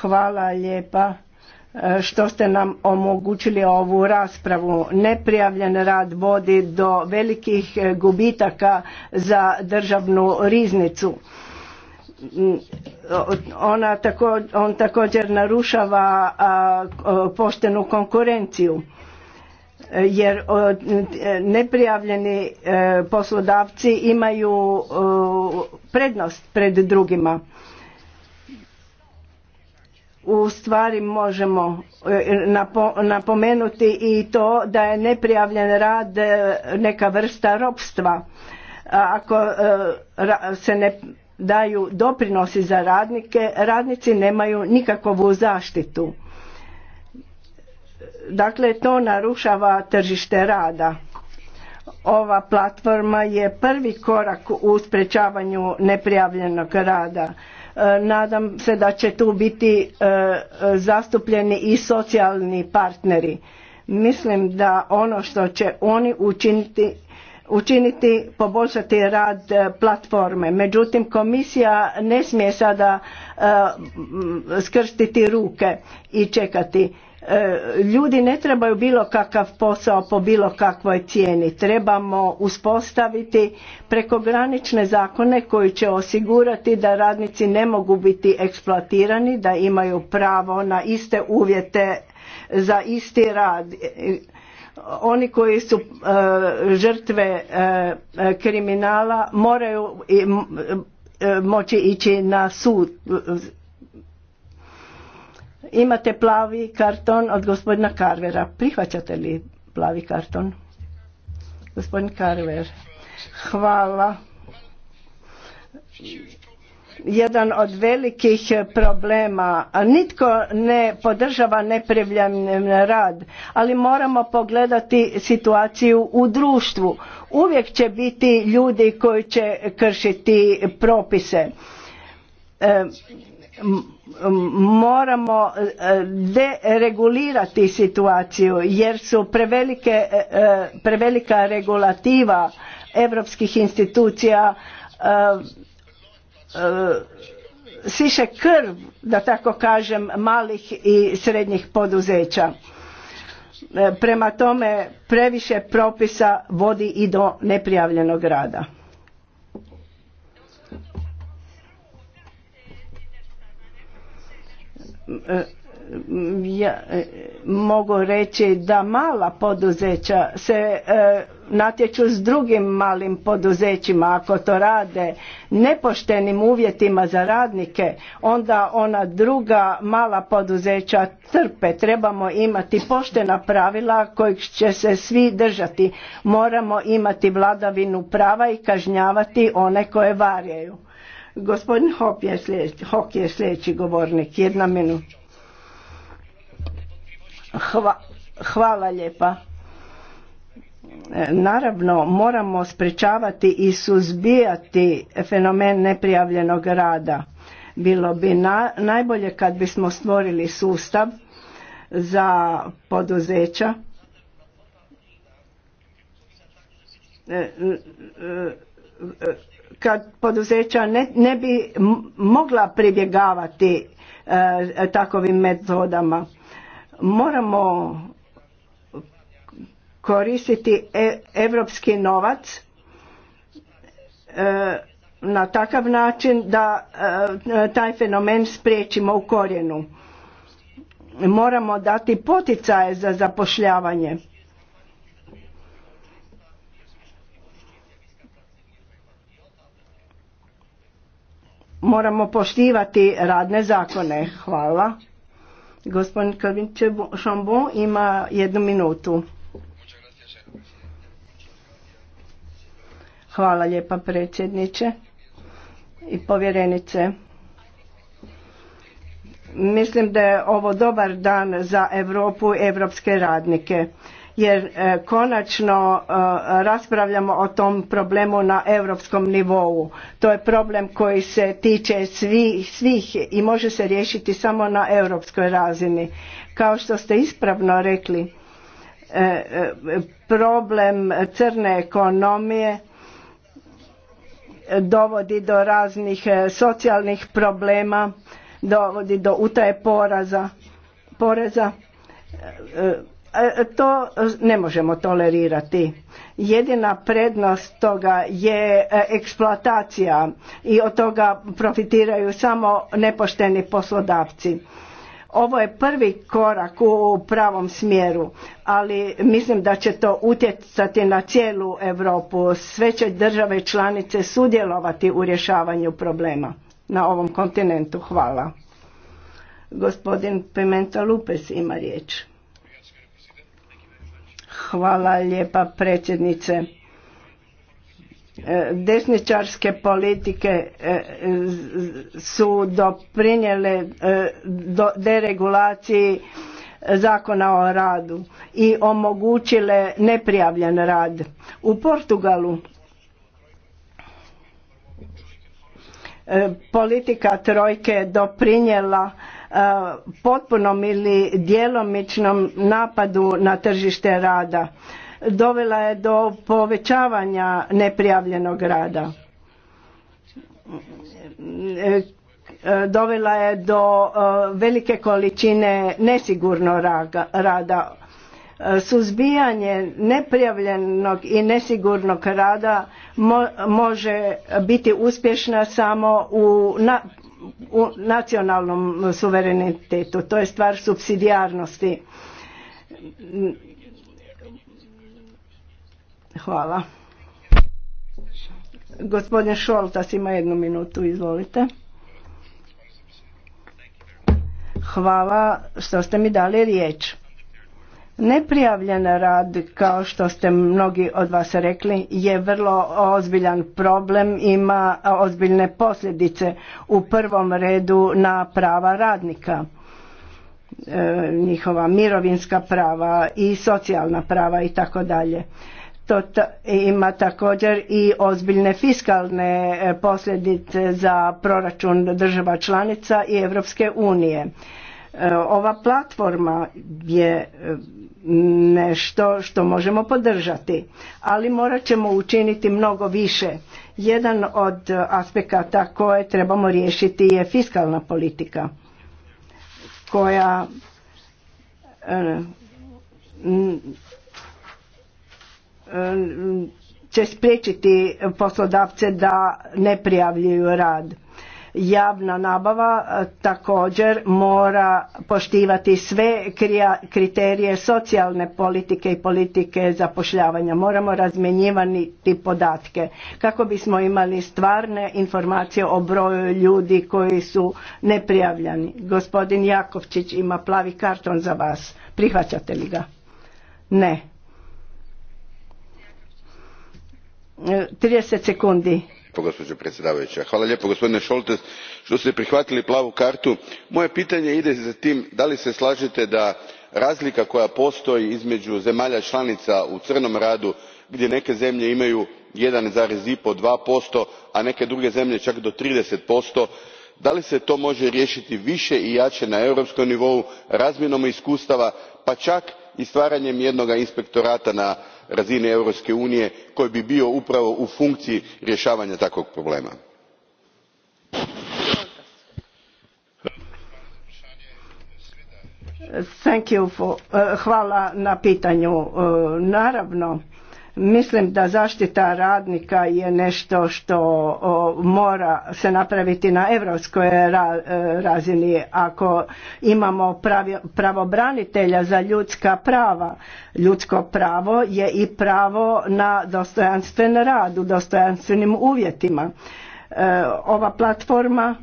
Hvala lijepa e, što ste nam omogućili ovu raspravu. Neprijavljen rad vodi do velikih e, gubitaka za državnu riznicu. Mm, ona tako, on također narušava poštenu konkurenciju jer neprijavljeni poslodavci imaju prednost pred drugima u stvari možemo e, napomenuti i to da je neprijavljen rad e, neka vrsta ropstva ako e, se ne daju doprinosi za radnike radnici nemaju nikakvu zaštitu dakle to narušava tržište rada ova platforma je prvi korak u sprečavanju neprijavljenog rada. E, nadam se da će tu biti e, zastupljeni i socijalni partneri. Mislim da ono što će oni učiniti učiniti poboljšati rad e, platforme. Međutim, komisija ne smije sada skrštiti ruke i čekati E, ljudi ne trebaju bilo kakav posao po bilo kakvoj cijeni. Trebamo uspostaviti prekogranične zakone koji će osigurati da radnici ne mogu biti eksploatirani, da imaju pravo na iste uvjete za isti rad. E, oni koji su e, žrtve kriminala moraju moći ići na sud Imate plavi karton od gospodina Carvera. Prihvaćate li plavi karton? Gospodin Carver. Hvala. Jedan od velikih problema. Nitko ne podržava neprivljen rad, ali moramo pogledati situaciju u društvu. Uvijek će biti ljudi koji će kršiti propise. E, moramo e, deregulirati situaciju jer su e, e, prevelika regulativa europskih institucija siše krv, da tako kažem, malih i srednjih poduzeća. Prema tome previše propisa vodi i do neprijavljenog rada. ja e, mogu reći da mala poduzeća se e, natječu s drugim malim poduzećima ako to rade nepoštenim uvjetima za radnike onda ona druga mala poduzeća trpe trebamo imati poštena pravila kojih će se svi držati moramo imati vladavinu prava i kažnjavati one koje varjaju Gospodin Hop je sljedeći, govornik. Jedna minuta. hvala lijepa. Naravno, moramo sprečavati i suzbijati fenomen neprijavljenog rada. Bilo bi najbolje kad bismo stvorili sustav za poduzeća e, e, e, kad poduzeća ne, ne bi mogla pribjegavati takvim e, takovim metodama. Moramo koristiti europski novac e, na takav način da e, taj fenomen spriječimo u korijenu. Moramo dati poticaje za zapošljavanje moramo poštivati radne zakone. Hvala. Gospodin Kevin Chambon ima jednu minutu. Hvala lijepa predsjedniče i povjerenice. Mislim da je ovo dobar dan za Europu i evropske radnike jer e, konačno e, raspravljamo o tom problemu na europskom nivou. To je problem koji se tiče svih, svih i može se riješiti samo na europskoj razini. Kao što ste ispravno rekli, e, problem crne ekonomije dovodi do raznih socijalnih problema, dovodi do utaje poraza, poreza, poreza E, to ne možemo tolerirati. Jedina prednost toga je e, eksploatacija i od toga profitiraju samo nepošteni poslodavci. Ovo je prvi korak u pravom smjeru, ali mislim da će to utjecati na cijelu Europu. Sve će države članice sudjelovati u rješavanju problema na ovom kontinentu. Hvala. Gospodin Pimenta Lupes ima riječ. Hvala lijepa predsjednice. E, desničarske politike e, su doprinjele e, deregulaciji zakona o radu i omogućile neprijavljen rad. U Portugalu politika trojke doprinjela E, potpunom ili djelomičnom napadu na tržište rada dovela je do povećavanja neprijavljenog rada e, dovela je do e, velike količine nesigurnog rada suzbijanje neprijavljenog i nesigurnog rada može biti uspješna samo u u nacionalnom suverenitetu. To je stvar subsidijarnosti. Hvala. Gospodin Šoltas ima jednu minutu, izvolite. Hvala što ste mi dali riječ. Neprijavljen rad, kao što ste mnogi od vas rekli, je vrlo ozbiljan problem, ima ozbiljne posljedice u prvom redu na prava radnika, e, njihova mirovinska prava i socijalna prava i tako dalje. To ima također i ozbiljne fiskalne e, posljedice za proračun država članica i Europske unije E, ova platforma je e, nešto što možemo podržati, ali morat ćemo učiniti mnogo više. Jedan od aspekata koje trebamo riješiti je fiskalna politika koja e, će spriječiti poslodavce da ne prijavljuju rad Javna nabava e, također mora poštivati sve kriterije socijalne politike i politike zapošljavanja. Moramo razmjenjivati podatke kako bismo imali stvarne informacije o broju ljudi koji su neprijavljani. Gospodin Jakovčić ima plavi karton za vas. Prihvaćate li ga? Ne. 30 e, sekundi gospođo predsjednice gospodine šoltes što ste prihvatili plavu kartu. moje pitanje ide za tim da li se slažete da razlika koja postoji između zemalja članica u crnom radu gdje neke zemlje imaju jedan five posto a neke druge zemlje čak do posto da li se to može riješiti više i jače na europskom nivou razmjenom iskustava pa čak i stvaranjem jednoga inspektorata na razini europske unije koji bi bio upravo u funkciji rješavanja takvog problema? Eh, hvala na pitanju. Eh, naravno Mislim da zaštita radnika je nešto što mora se napraviti na europskoj e, razini. Ako imamo pravi, pravobranitelja za ljudska prava, ljudsko pravo je i pravo na dostojanstven rad u dostojanstvenim uvjetima. E, ova platforma e,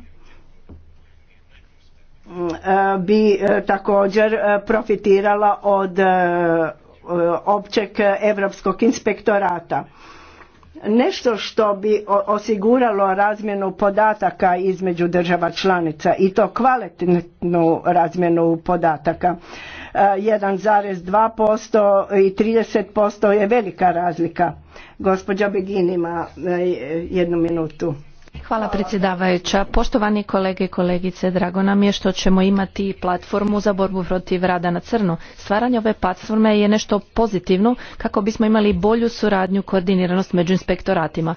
bi također profitirala od E, općeg europskog inspektorata nešto što bi osiguralo razmjenu podataka između država članica i to kvalitetnu razmjenu podataka. 1,2% e, i 30% je velika razlika. Gospođa Begin ima e, jednu minutu. Hvala predsjedavajuća. Poštovani kolege i kolegice, drago nam je što ćemo imati platformu za borbu protiv rada na crno. Stvaranje ove platforme je nešto pozitivno kako bismo imali bolju suradnju koordiniranost među inspektoratima.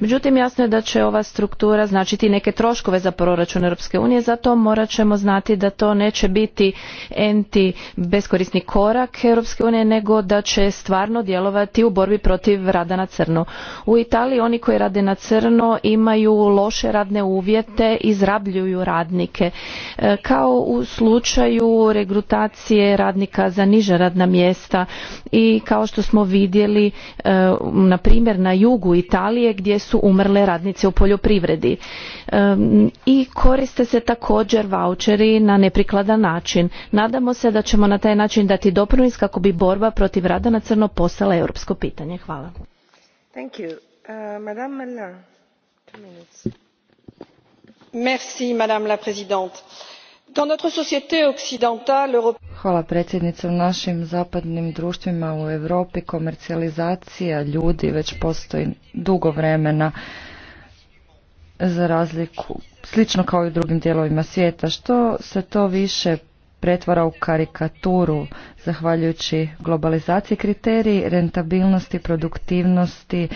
Međutim, jasno je da će ova struktura značiti neke troškove za proračun Europske unije, zato morat ćemo znati da to neće biti enti beskorisni korak Europske unije, nego da će stvarno djelovati u borbi protiv rada na crno. U Italiji oni koji rade na crno imaju loše radne uvjete, izrabljuju radnike. E, kao u slučaju regrutacije radnika za niža radna mjesta i kao što smo vidjeli e, na primjer na jugu Italije gdje su su umrle radnice u poljoprivredi. I koriste se također vaučeri na neprikladan način. Nadamo se da ćemo na taj način dati doprinos kako bi borba protiv rada na crno postala europsko pitanje. Hvala. Thank you. Uh, Hvala predsjednice. U našim zapadnim društvima u Europi komercijalizacija ljudi već postoji dugo vremena za razliku, slično kao i u drugim dijelovima svijeta. Što se to više pretvara u karikaturu zahvaljujući globalizaciji kriteriji rentabilnosti, produktivnosti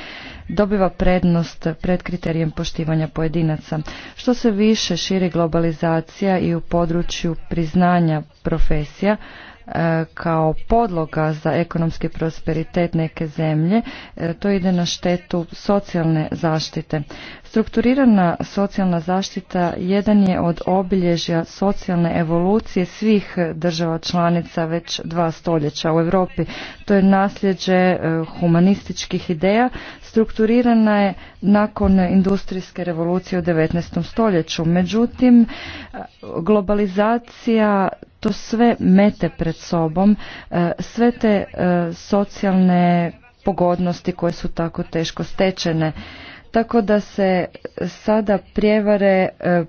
dobiva prednost pred kriterijem poštivanja pojedinaca. Što se više širi globalizacija i u području priznanja profesija, kao podloga za ekonomski prosperitet neke zemlje, e, to ide na štetu socijalne zaštite. Strukturirana socijalna zaštita jedan je od obilježja socijalne evolucije svih država članica već dva stoljeća u Europi. To je nasljeđe e, humanističkih ideja, strukturirana je nakon industrijske revolucije u 19. stoljeću. Međutim, e, globalizacija to sve mete pred sobom, e, sve te e, socijalne pogodnosti koje su tako teško stečene. Tako da se sada prijevare e,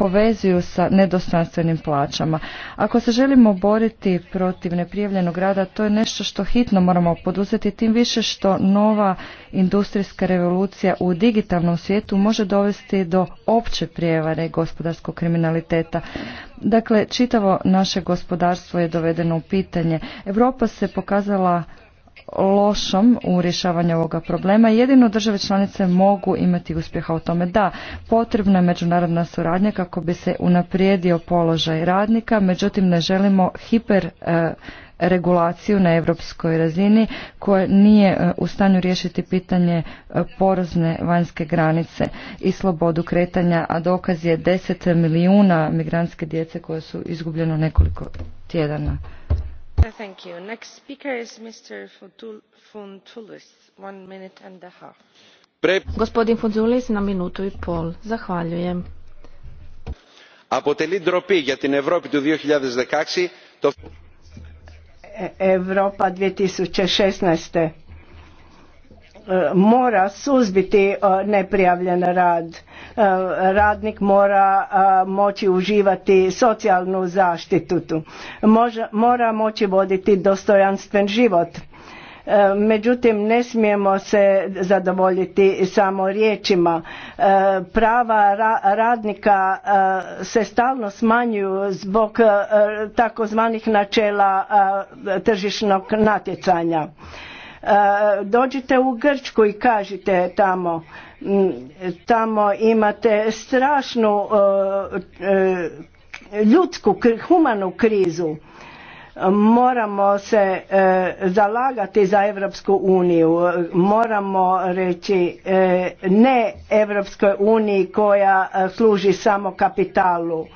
povezuju sa nedostanstvenim plaćama. Ako se želimo boriti protiv neprijavljenog rada, to je nešto što hitno moramo poduzeti, tim više što nova industrijska revolucija u digitalnom svijetu može dovesti do opće prijevare gospodarskog kriminaliteta. Dakle, čitavo naše gospodarstvo je dovedeno u pitanje. Europa se pokazala lošom u rješavanju ovoga problema. Jedino države članice mogu imati uspjeha u tome. Da, potrebna je međunarodna suradnja kako bi se unaprijedio položaj radnika, međutim ne želimo hiper e, regulaciju na europskoj razini koja nije e, u stanju riješiti pitanje e, porozne vanjske granice i slobodu kretanja, a dokaz je 10 milijuna migrantske djece koje su izgubljeno nekoliko tjedana. Uh, thank you. Next speaker is Mr. a half. Gospodin Funtulis na minutu i pol. Zahvaljujem. Αποτελεί 2016 E, mora suzbiti e, neprijavljen rad. E, radnik mora moći uživati socijalnu zaštitu. Mora moći voditi dostojanstven život. Međutim, ne smijemo se zadovoljiti samo riječima. Prava radnika se stalno smanjuju zbog takozvanih načela tržišnog natjecanja E, dođite u Grčku i kažite tamo, tamo imate strašnu e, e, ljudsku, humanu krizu. Moramo se zalagati za Europsku uniju, moramo reći ne Europskoj uniji koja služi samo kapitalu,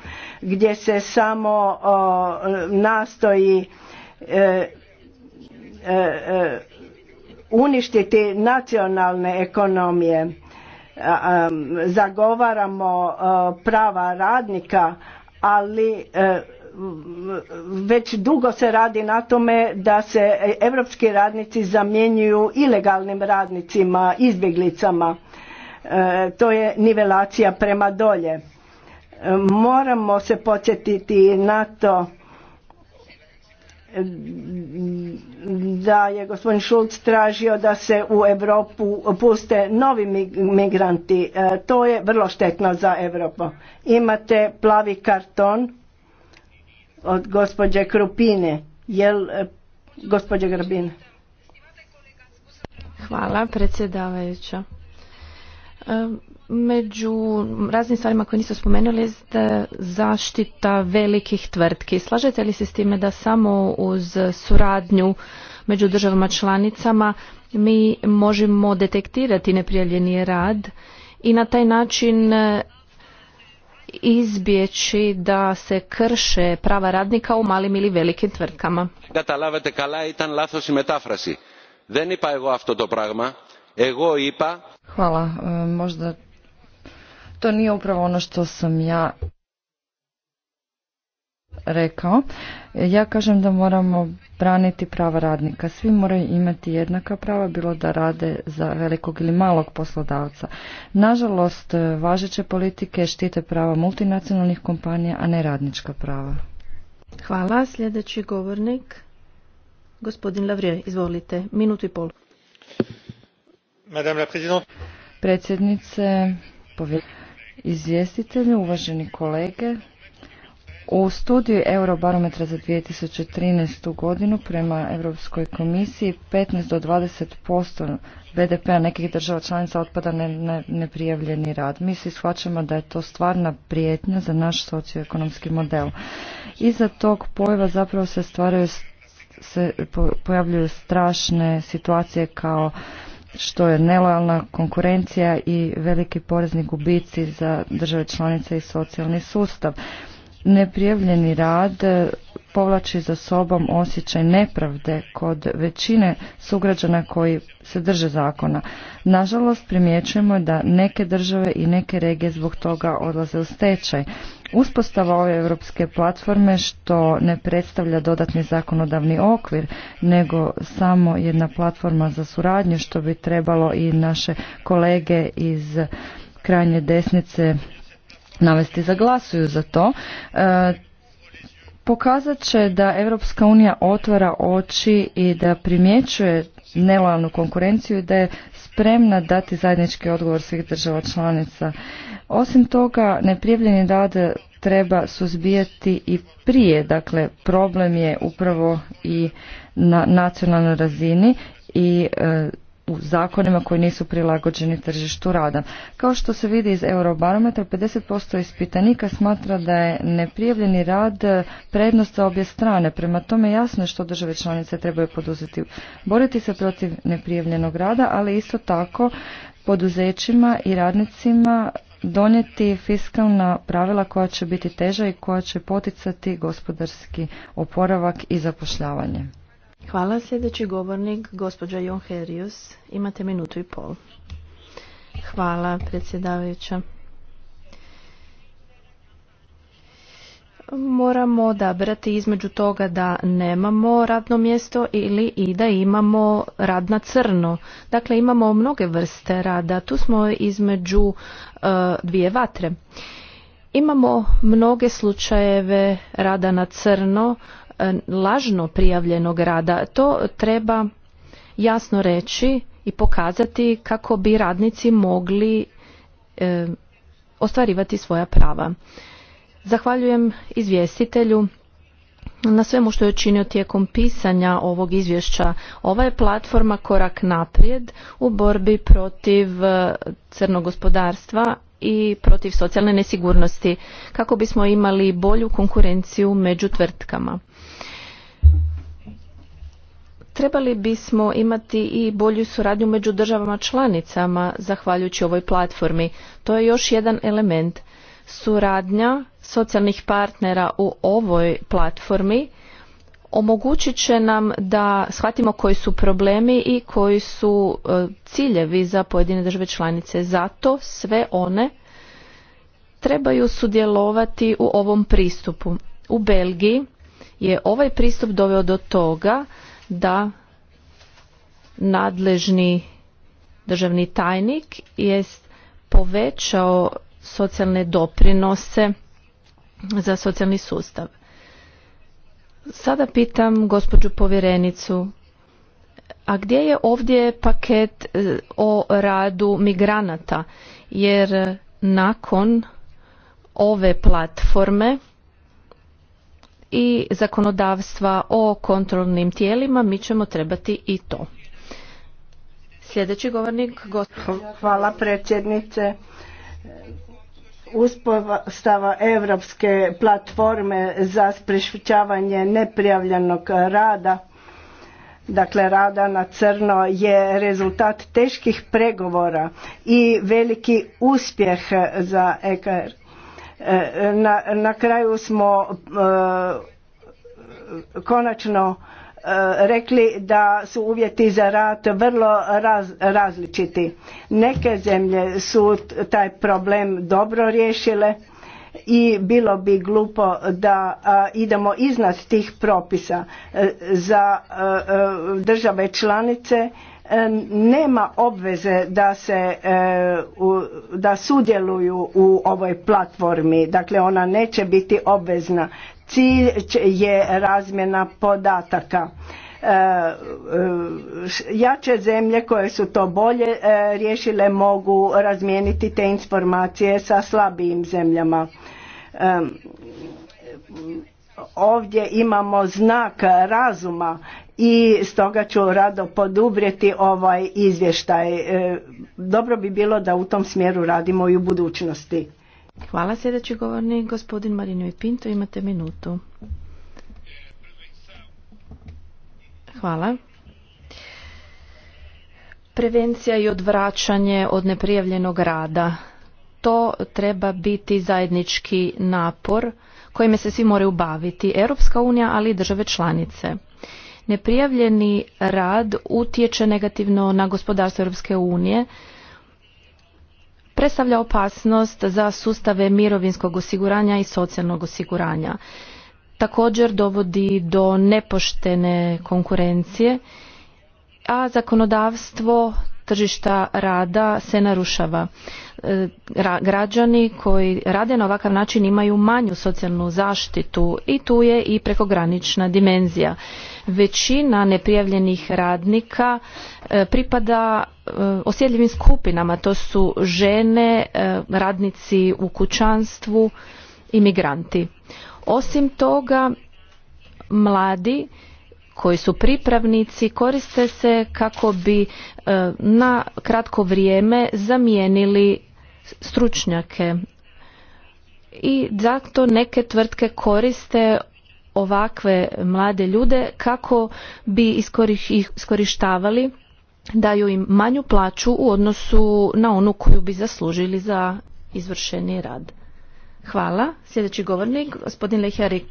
gdje se samo nastoji uništiti nacionalne ekonomije. Zagovaramo prava radnika, ali e, već dugo se radi na tome da se europski radnici zamjenjuju ilegalnim radnicima, izbjeglicama. E, to je nivelacija prema dolje. E, moramo se podsjetiti na to da je gospodin Šulc tražio da se u Europu puste novi migranti. E, to je vrlo štetno za Europu. Imate plavi karton od gospođe Krupine. Jel, e, gospođe Grabine? Hvala, predsjedavajuća. E, među raznim stvarima koje niste spomenuli je zaštita velikih tvrtki. Slažete li se s time da samo uz suradnju među državama članicama mi možemo detektirati neprijavljeni rad i na taj način izbjeći da se krše prava radnika u malim ili velikim tvrtkama. Katalavate kala, itan lathos i metafrasi. Den Hvala. Možda to nije upravo ono što sam ja rekao. Ja kažem da moramo braniti prava radnika. Svi moraju imati jednaka prava, bilo da rade za velikog ili malog poslodavca. Nažalost, važeće politike štite prava multinacionalnih kompanija, a ne radnička prava. Hvala. Sljedeći govornik, gospodin Lavrije, izvolite. Minutu i pol. Madame la Predsjednice, povijek izvjestitelju, uvaženi kolege. U studiju Eurobarometra za 2013. godinu prema Europskoj komisiji 15 do 20% BDP-a nekih država članica otpada na neprijavljeni rad. Mi se shvaćamo da je to stvarna prijetnja za naš socioekonomski model. Iza tog pojava zapravo se stvaraju se pojavljuju strašne situacije kao što je nelojalna konkurencija i veliki porezni gubici za države članice i socijalni sustav. Neprijavljeni rad povlači za sobom osjećaj nepravde kod većine sugrađana koji se drže zakona. Nažalost, primjećujemo da neke države i neke regije zbog toga odlaze u stečaj. Uspostava ove europske platforme što ne predstavlja dodatni zakonodavni okvir, nego samo jedna platforma za suradnju što bi trebalo i naše kolege iz krajnje desnice navesti za glasuju za to. E, pokazat će da Europska unija otvara oči i da primjećuje nelojalnu konkurenciju i da je spremna dati zajednički odgovor svih država članica osim toga, neprijavljeni rad treba suzbijati i prije, dakle problem je upravo i na nacionalnoj razini i e, u zakonima koji nisu prilagođeni tržištu rada. Kao što se vidi iz Eurobarometra, 50% ispitanika smatra da je neprijavljeni rad prednost za obje strane. Prema tome jasno je što države članice trebaju poduzeti. Boriti se protiv neprijavljenog rada, ali isto tako poduzećima i radnicima donijeti fiskalna pravila koja će biti teža i koja će poticati gospodarski oporavak i zapošljavanje. Hvala sljedeći govornik, gospođa Jon Herius. Imate minutu i pol. Hvala predsjedavajuća. moramo odabrati između toga da nemamo radno mjesto ili i da imamo rad na crno. Dakle, imamo mnoge vrste rada. Tu smo između e, dvije vatre. Imamo mnoge slučajeve rada na crno, e, lažno prijavljenog rada. To treba jasno reći i pokazati kako bi radnici mogli e, ostvarivati svoja prava. Zahvaljujem izvjestitelju na svemu što je učinio tijekom pisanja ovog izvješća. Ova je platforma korak naprijed u borbi protiv e, crnog gospodarstva i protiv socijalne nesigurnosti kako bismo imali bolju konkurenciju među tvrtkama. Trebali bismo imati i bolju suradnju među državama članicama zahvaljujući ovoj platformi. To je još jedan element. Suradnja socijalnih partnera u ovoj platformi omogućit će nam da shvatimo koji su problemi i koji su e, ciljevi za pojedine države članice. Zato sve one trebaju sudjelovati u ovom pristupu. U Belgiji je ovaj pristup doveo do toga da nadležni državni tajnik jest povećao socijalne doprinose za socijalni sustav. Sada pitam gospođu povjerenicu, a gdje je ovdje paket e, o radu migranata? Jer nakon ove platforme i zakonodavstva o kontrolnim tijelima mi ćemo trebati i to. Sljedeći govornik, Hvala predsjednice uspostava europske platforme za sprečavanje neprijavljenog rada dakle rada na crno je rezultat teških pregovora i veliki uspjeh za EKR. E, na, kraju smo e, konačno E, rekli da su uvjeti za rad vrlo različiti. Neke zemlje su taj problem dobro riješile i bilo bi glupo da idemo iznad tih propisa e, za e, države članice nema obveze da se da sudjeluju u ovoj platformi dakle ona neće biti obvezna Cilj je razmjena podataka. E, e, jače zemlje koje su to bolje e, riješile mogu razmijeniti te informacije sa slabijim zemljama ovdje imamo znak razuma i stoga ću rado podubrijeti ovaj izvještaj. Dobro bi bilo da u tom smjeru radimo i u budućnosti. Hvala sljedeći govornik, gospodin i Pinto, imate minutu. Hvala. Prevencija i odvraćanje od neprijavljenog rada. To treba biti zajednički napor kojime se svi moraju baviti, Europska unija, ali i države članice. Neprijavljeni rad utječe negativno na gospodarstvo Europske unije, predstavlja opasnost za sustave mirovinskog osiguranja i socijalnog osiguranja. Također dovodi do nepoštene konkurencije, a zakonodavstvo tržišta rada se narušava. E, građani koji rade na ovakav način imaju manju socijalnu zaštitu i tu je i prekogranična dimenzija. Većina neprijavljenih radnika E, pripada e, osjetljivim skupinama, to su žene, e, radnici u kućanstvu, imigranti. Osim toga, mladi koji su pripravnici koriste se kako bi na kratko vrijeme zamijenili stručnjake i zato neke tvrtke koriste ovakve mlade ljude kako bi iskorištavali daju im manju plaću u odnosu na onu koju bi zaslužili za izvršeni rad. Hvala. Sljedeći govornik, gospodin Lehjari.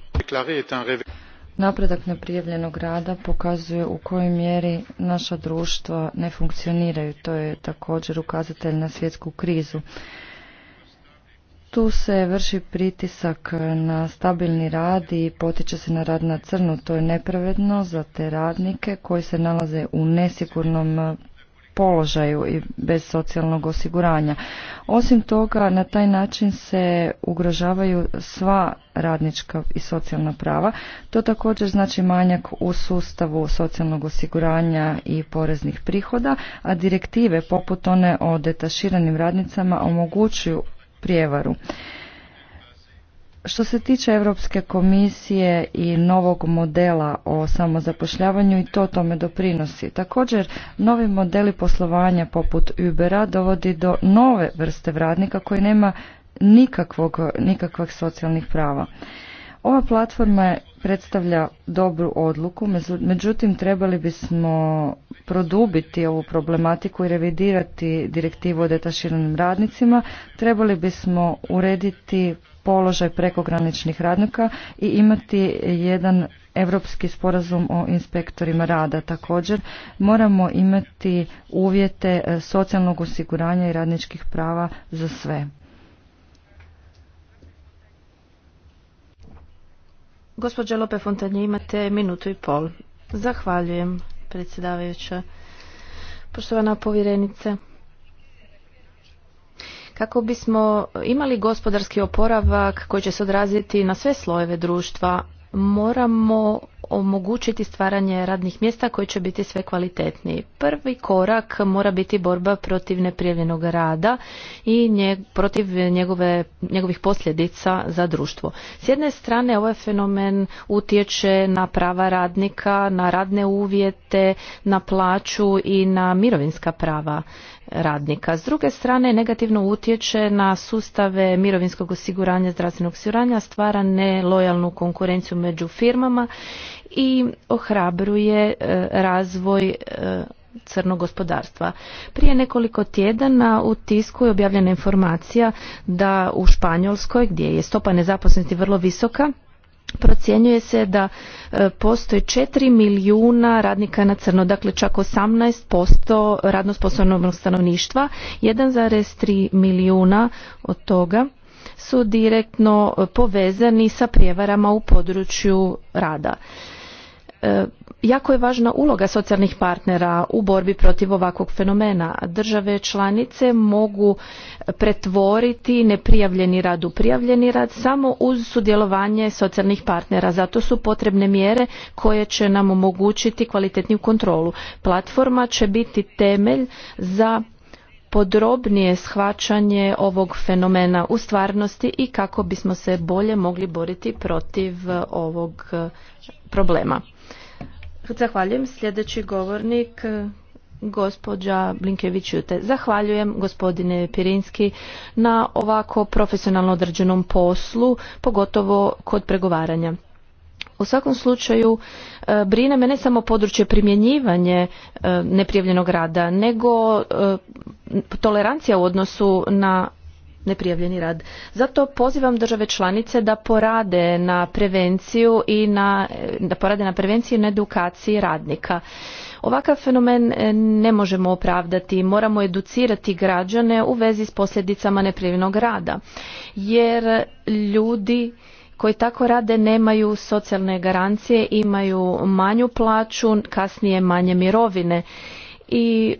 Napredak neprijavljenog rada pokazuje u kojoj mjeri naša društva ne funkcioniraju. To je također ukazatelj na svjetsku krizu tu se vrši pritisak na stabilni rad i potiče se na rad na crnu. To je nepravedno za te radnike koji se nalaze u nesigurnom položaju i bez socijalnog osiguranja. Osim toga, na taj način se ugrožavaju sva radnička i socijalna prava. To također znači manjak u sustavu socijalnog osiguranja i poreznih prihoda, a direktive poput one o detaširanim radnicama omogućuju prijevaru. Što se tiče Europske komisije i novog modela o samozapošljavanju i to tome doprinosi. Također, novi modeli poslovanja poput Ubera dovodi do nove vrste radnika koji nema nikakvog, socijalnih prava. Ova platforma predstavlja dobru odluku, međutim trebali bismo produbiti ovu problematiku i revidirati direktivu o detaširanim radnicima. Trebali bismo urediti položaj prekograničnih radnika i imati jedan europski sporazum o inspektorima rada. Također moramo imati uvjete e, socijalnog osiguranja i radničkih prava za sve. Gospođa Lope Fontanje, imate minutu i pol. Zahvaljujem, predsjedavajuća. Poštovana povjerenice, kako bismo imali gospodarski oporavak koji će se odraziti na sve slojeve društva, moramo omogućiti stvaranje radnih mjesta koji će biti sve kvalitetniji. Prvi korak mora biti borba protiv neprijavljenog rada i protiv njegove, njegovih posljedica za društvo. S jedne strane ovaj fenomen utječe na prava radnika, na radne uvjete, na plaću i na mirovinska prava radnika. S druge strane, negativno utječe na sustave mirovinskog osiguranja, zdravstvenog osiguranja, stvara nelojalnu konkurenciju među firmama i ohrabruje e, razvoj e, crnog gospodarstva. Prije nekoliko tjedana u tisku je objavljena informacija da u Španjolskoj, gdje je stopa nezaposlenosti vrlo visoka, procjenjuje se da e, postoji 4 milijuna radnika na crno, dakle čak 18% radno sposobnog stanovništva, 1,3 milijuna od toga su direktno povezani sa prijevarama u području rada. E, Jako je važna uloga socijalnih partnera u borbi protiv ovakvog fenomena. Države članice mogu pretvoriti neprijavljeni rad u prijavljeni rad samo uz sudjelovanje socijalnih partnera. Zato su potrebne mjere koje će nam omogućiti kvalitetniju kontrolu. Platforma će biti temelj za podrobnije shvaćanje ovog fenomena u stvarnosti i kako bismo se bolje mogli boriti protiv ovog problema. Zahvaljujem. Sljedeći govornik e, gospođa Blinkević Jute. Zahvaljujem gospodine Pirinski na ovako profesionalno određenom poslu, pogotovo kod pregovaranja. U svakom slučaju e, brine me ne samo područje primjenjivanje e, neprijavljenog rada, nego tolerancija u odnosu na neprijavljeni rad. Zato pozivam države članice da porade na prevenciju i na, da porade na prevenciji i na edukaciji radnika. Ovakav fenomen e, ne možemo opravdati, moramo educirati građane u vezi s posljedicama neprijavljenog rada, jer ljudi koji tako rade nemaju socijalne garancije, imaju manju plaću, kasnije manje mirovine i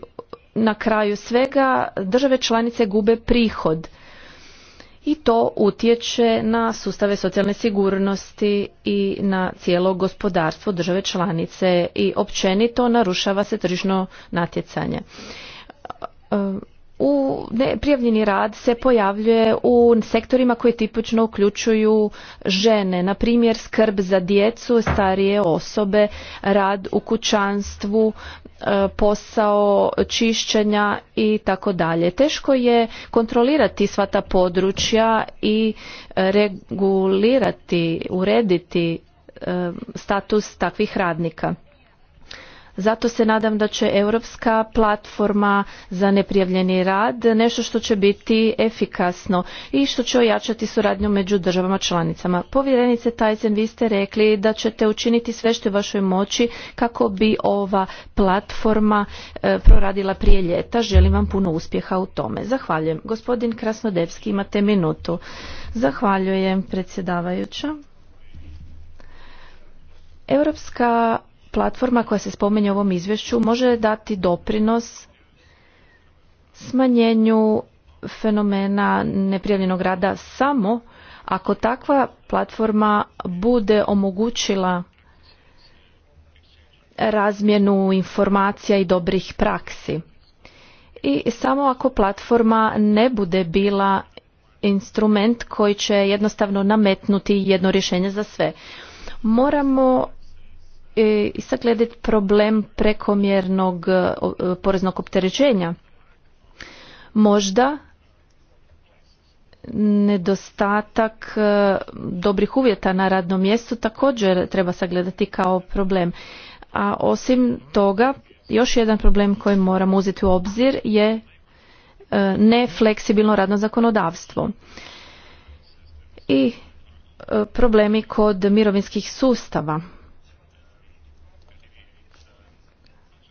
na kraju svega države članice gube prihod i to utječe na sustave socijalne sigurnosti i na cijelo gospodarstvo države članice i općenito narušava se tržišno natjecanje. U neprijavljeni rad se pojavljuje u sektorima koji tipično uključuju žene, na primjer skrb za djecu, starije osobe, rad u kućanstvu, E, posao čišćenja i tako dalje. Teško je kontrolirati sva ta područja i regulirati, urediti e, status takvih radnika. Zato se nadam da će europska platforma za neprijavljeni rad nešto što će biti efikasno i što će ojačati suradnju među državama članicama. Povjerenice Tajzen, vi ste rekli da ćete učiniti sve što je u vašoj moći kako bi ova platforma e, proradila prije ljeta. Želim vam puno uspjeha u tome. Zahvaljujem. Gospodin Krasnodevski, imate minutu. Zahvaljujem predsjedavajuća. Europska platforma koja se spominje u ovom izvješću može dati doprinos smanjenju fenomena neprijavljenog rada samo ako takva platforma bude omogućila razmjenu informacija i dobrih praksi. I samo ako platforma ne bude bila instrument koji će jednostavno nametnuti jedno rješenje za sve. Moramo E, gledati problem prekomjernog e, e, poreznog opterećenja. Možda nedostatak dobrih uvjeta na radnom mjestu također treba sagledati kao problem. A osim toga, još jedan problem koji moramo uzeti u obzir je nefleksibilno radno zakonodavstvo. I problemi kod mirovinskih sustava.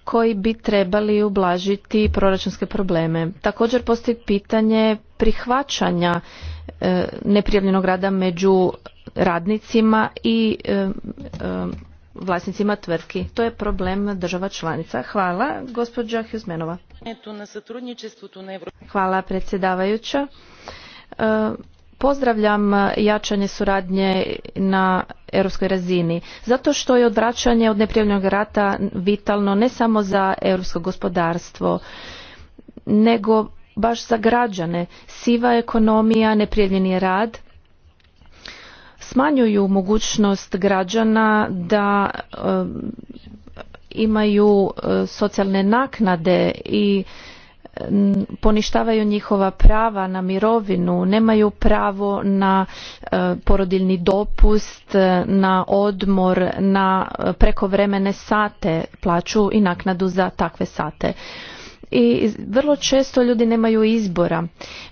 koji bi trebali ublažiti proračunske probleme. Također postoji pitanje prihvaćanja e, neprijavljenog rada među radnicima i e, e, vlasnicima tvrtki. To je problem država članica. Hvala, gospođa Hjuzmenova. Hvala, predsjedavajuća. Pozdravljam e, jačanje suradnje na europskoj razini, zato što je odvraćanje od neprijavljenog rata vitalno ne samo za europsko gospodarstvo, nego baš za građane. Siva ekonomija, neprijavljeni rad smanjuju mogućnost građana da e, imaju e, socijalne naknade i poništavaju njihova prava na mirovinu, nemaju pravo na e, porodiljni dopust, e, na odmor, na e, prekovremene sate, plaću i naknadu za takve sate i vrlo često ljudi nemaju izbora.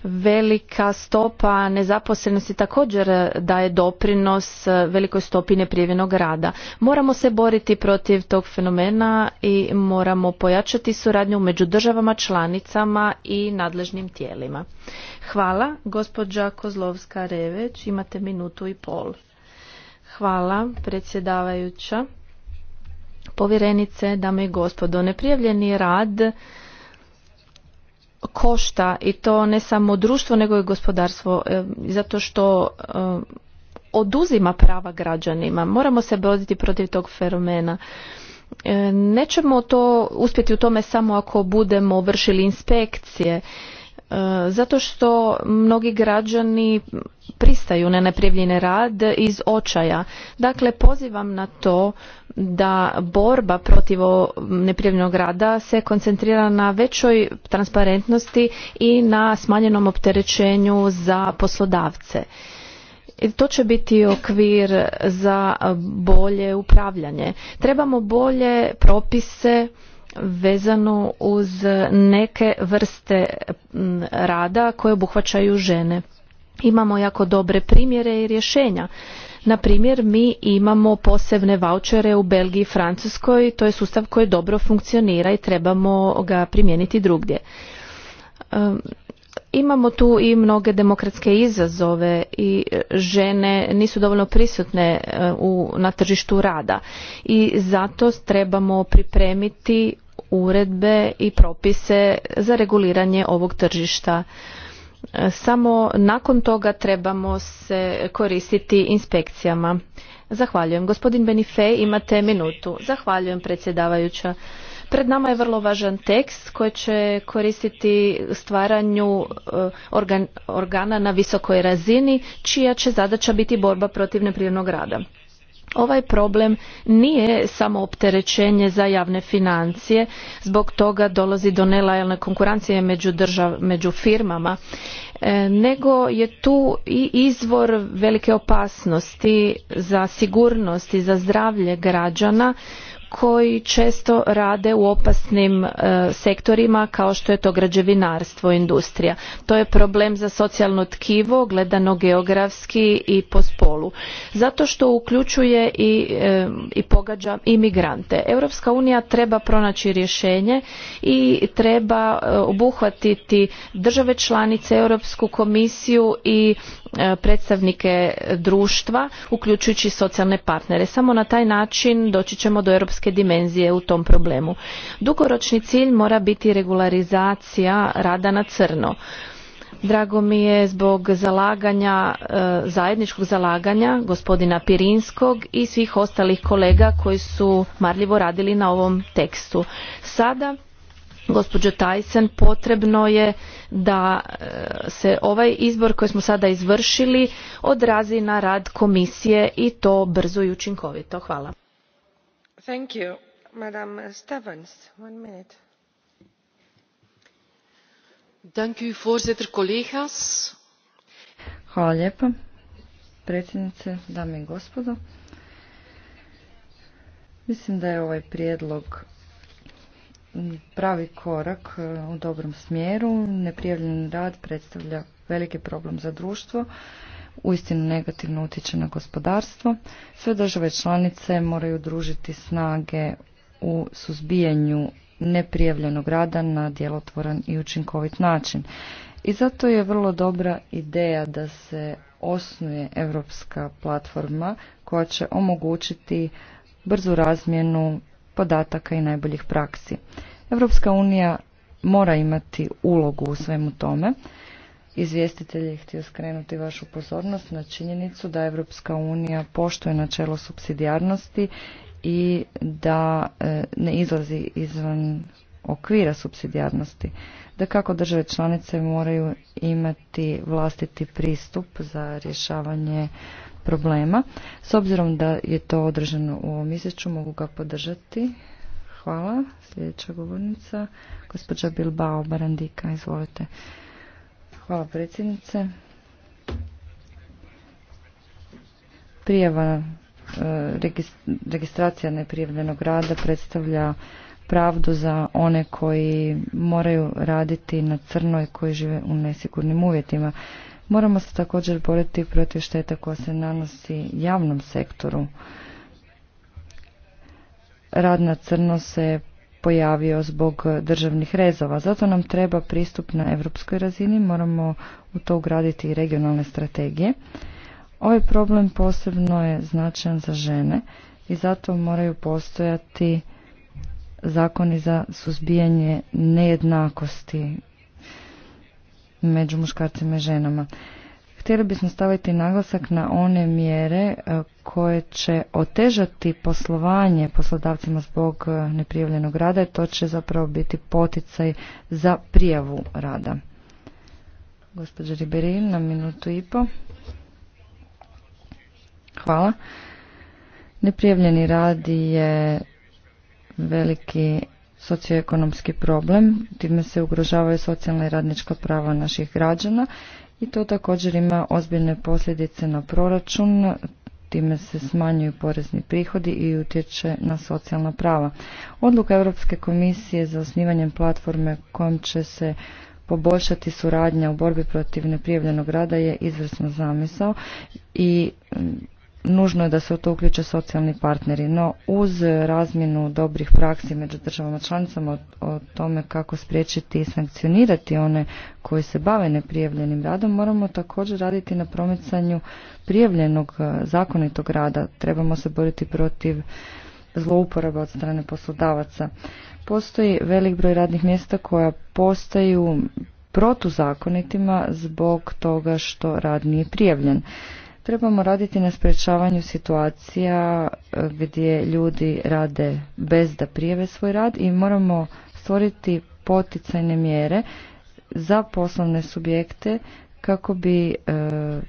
Velika stopa nezaposlenosti također e, daje doprinos e, velikoj stopi neprijevjenog rada. Moramo se boriti protiv tog fenomena i moramo pojačati suradnju među državama, članicama i nadležnim tijelima. Hvala, gospođa Kozlovska-Reveć, imate minutu i pol. Hvala, predsjedavajuća. Povjerenice, dame i gospodo, neprijavljeni rad košta i to ne samo društvo nego i gospodarstvo e, zato što e, oduzima prava građanima. Moramo se boriti protiv tog fenomena. E, nećemo to uspjeti u tome samo ako budemo vršili inspekcije E, zato što mnogi građani pristaju na neprijavljeni rad iz očaja. Dakle, pozivam na to da borba protiv neprijavljenog rada se koncentrira na većoj transparentnosti i na smanjenom opterećenju za poslodavce. To će biti okvir za bolje upravljanje. Trebamo bolje propise vezano uz neke vrste rada koje obuhvaćaju žene. Imamo jako dobre primjere i rješenja. Na primjer, mi imamo posebne vouchere u Belgiji i Francuskoj, to je sustav koji dobro funkcionira i trebamo ga primijeniti drugdje. Imamo tu i mnoge demokratske izazove i žene nisu dovoljno prisutne e, u, na tržištu rada i zato trebamo pripremiti uredbe i propise za reguliranje ovog tržišta. E, samo nakon toga trebamo se koristiti inspekcijama. Zahvaljujem. Gospodin Benifej, imate minutu. Zahvaljujem predsjedavajuća. Pred nama je vrlo važan tekst koji će koristiti stvaranju e, organa na visokoj razini, čija će zadaća biti borba protiv neprirodnog rada. Ovaj problem nije samo opterećenje za javne financije, zbog toga dolazi do nelajalne konkurencije među, firmama, e, nego je tu i izvor velike opasnosti za sigurnost i za zdravlje građana, koji često rade u opasnim e, sektorima kao što je to građevinarstvo, industrija. To je problem za socijalno tkivo, gledano geografski i po spolu. Zato što uključuje i, e, i pogađa imigrante. Europska unija treba pronaći rješenje i treba e, obuhvatiti države članice, Europsku komisiju i E, predstavnike društva, uključujući socijalne partnere. Samo na taj način doći ćemo do europske dimenzije u tom problemu. Dugoročni cilj mora biti regularizacija rada na crno. Drago mi je zbog zalaganja, e, zajedničkog zalaganja gospodina Pirinskog i svih ostalih kolega koji su marljivo radili na ovom tekstu. Sada gospođo Tyson, potrebno je da e, se ovaj izbor koji smo sada izvršili odrazi na rad komisije i to brzo i učinkovito. Hvala. Thank you. Madam Stevens, one minute. Dank u, voorzitter, Hvala lijepa, predsjednice, dame i gospodo. Mislim da je ovaj prijedlog pravi korak e, u dobrom smjeru. Neprijavljen rad predstavlja veliki problem za društvo, uistinu negativno utječe na gospodarstvo. Sve države članice moraju družiti snage u suzbijanju neprijavljenog rada na djelotvoran i učinkovit način. I zato je vrlo dobra ideja da se osnuje europska platforma koja će omogućiti brzu razmjenu podataka i najboljih praksi. Europska unija mora imati ulogu u svemu tome. Izvjestitelj je htio skrenuti vašu pozornost na činjenicu da Europska unija poštuje načelo subsidijarnosti i da e, ne izlazi izvan okvira subsidijarnosti. Da kako države članice moraju imati vlastiti pristup za rješavanje problema. S obzirom da je to održano u ovom mjesecu, mogu ga podržati. Hvala. Sljedeća govornica, gospođa Bilbao Barandika, izvolite. Hvala predsjednice. Prijava, e, registracija neprijavljenog rada predstavlja pravdu za one koji moraju raditi na crnoj, koji žive u nesigurnim uvjetima. Moramo se također boriti protiv šteta koja se nanosi javnom sektoru. Rad na crno se pojavio zbog državnih rezova. Zato nam treba pristup na europskoj razini, moramo u to ugraditi i regionalne strategije. Ovaj problem posebno je značajan za žene i zato moraju postojati zakoni za suzbijanje nejednakosti među muškarcima i ženama. Htjeli bismo staviti naglasak na one mjere e, koje će otežati poslovanje poslodavcima zbog e, neprijavljenog rada i to će zapravo biti poticaj za prijavu rada. Gospođa Riberin na minutu i po. Hvala. Neprijavljeni rad je veliki socioekonomski problem, time se ugrožavaju socijalna i radnička prava naših građana i to također ima ozbiljne posljedice na proračun, time se smanjuju porezni prihodi i utječe na socijalna prava. Odluka Europske komisije za osnivanjem platforme kojom će se poboljšati suradnja u borbi protiv neprijavljenog rada je izvrsno zamisao i nužno je da se u to uključe socijalni partneri, no uz razmjenu dobrih praksi među državama članicama o, o tome kako spriječiti i sankcionirati one koji se bave neprijavljenim radom, moramo također raditi na promicanju prijavljenog e, zakonitog rada. Trebamo se boriti protiv zlouporaba od strane poslodavaca. Postoji velik broj radnih mjesta koja postaju protuzakonitima zbog toga što rad nije prijavljen. Trebamo raditi na sprečavanju situacija e, gdje ljudi rade bez da prijeve svoj rad i moramo stvoriti poticajne mjere za poslovne subjekte kako bi e,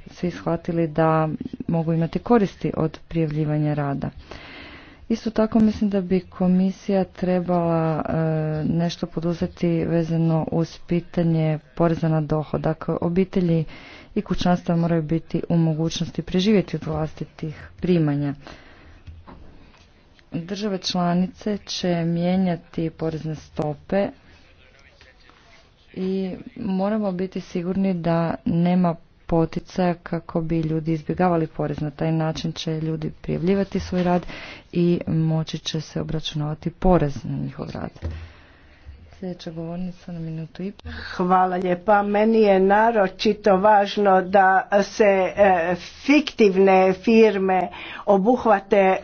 svi shvatili da mogu imati koristi od prijavljivanja rada. Isto tako mislim da bi komisija trebala e, nešto poduzeti vezano uz pitanje poreza na dohodak. Obitelji i kućanstva moraju biti u mogućnosti preživjeti od vlastitih primanja. Države članice će mijenjati porezne stope i moramo biti sigurni da nema poticaja kako bi ljudi izbjegavali porez. Na taj način će ljudi prijavljivati svoj rad i moći će se obračunavati porez na njihov rad. Sljedeća govornica na minutu i pol. Hvala lijepa. Meni je naročito važno da se e, fiktivne firme obuhvate e,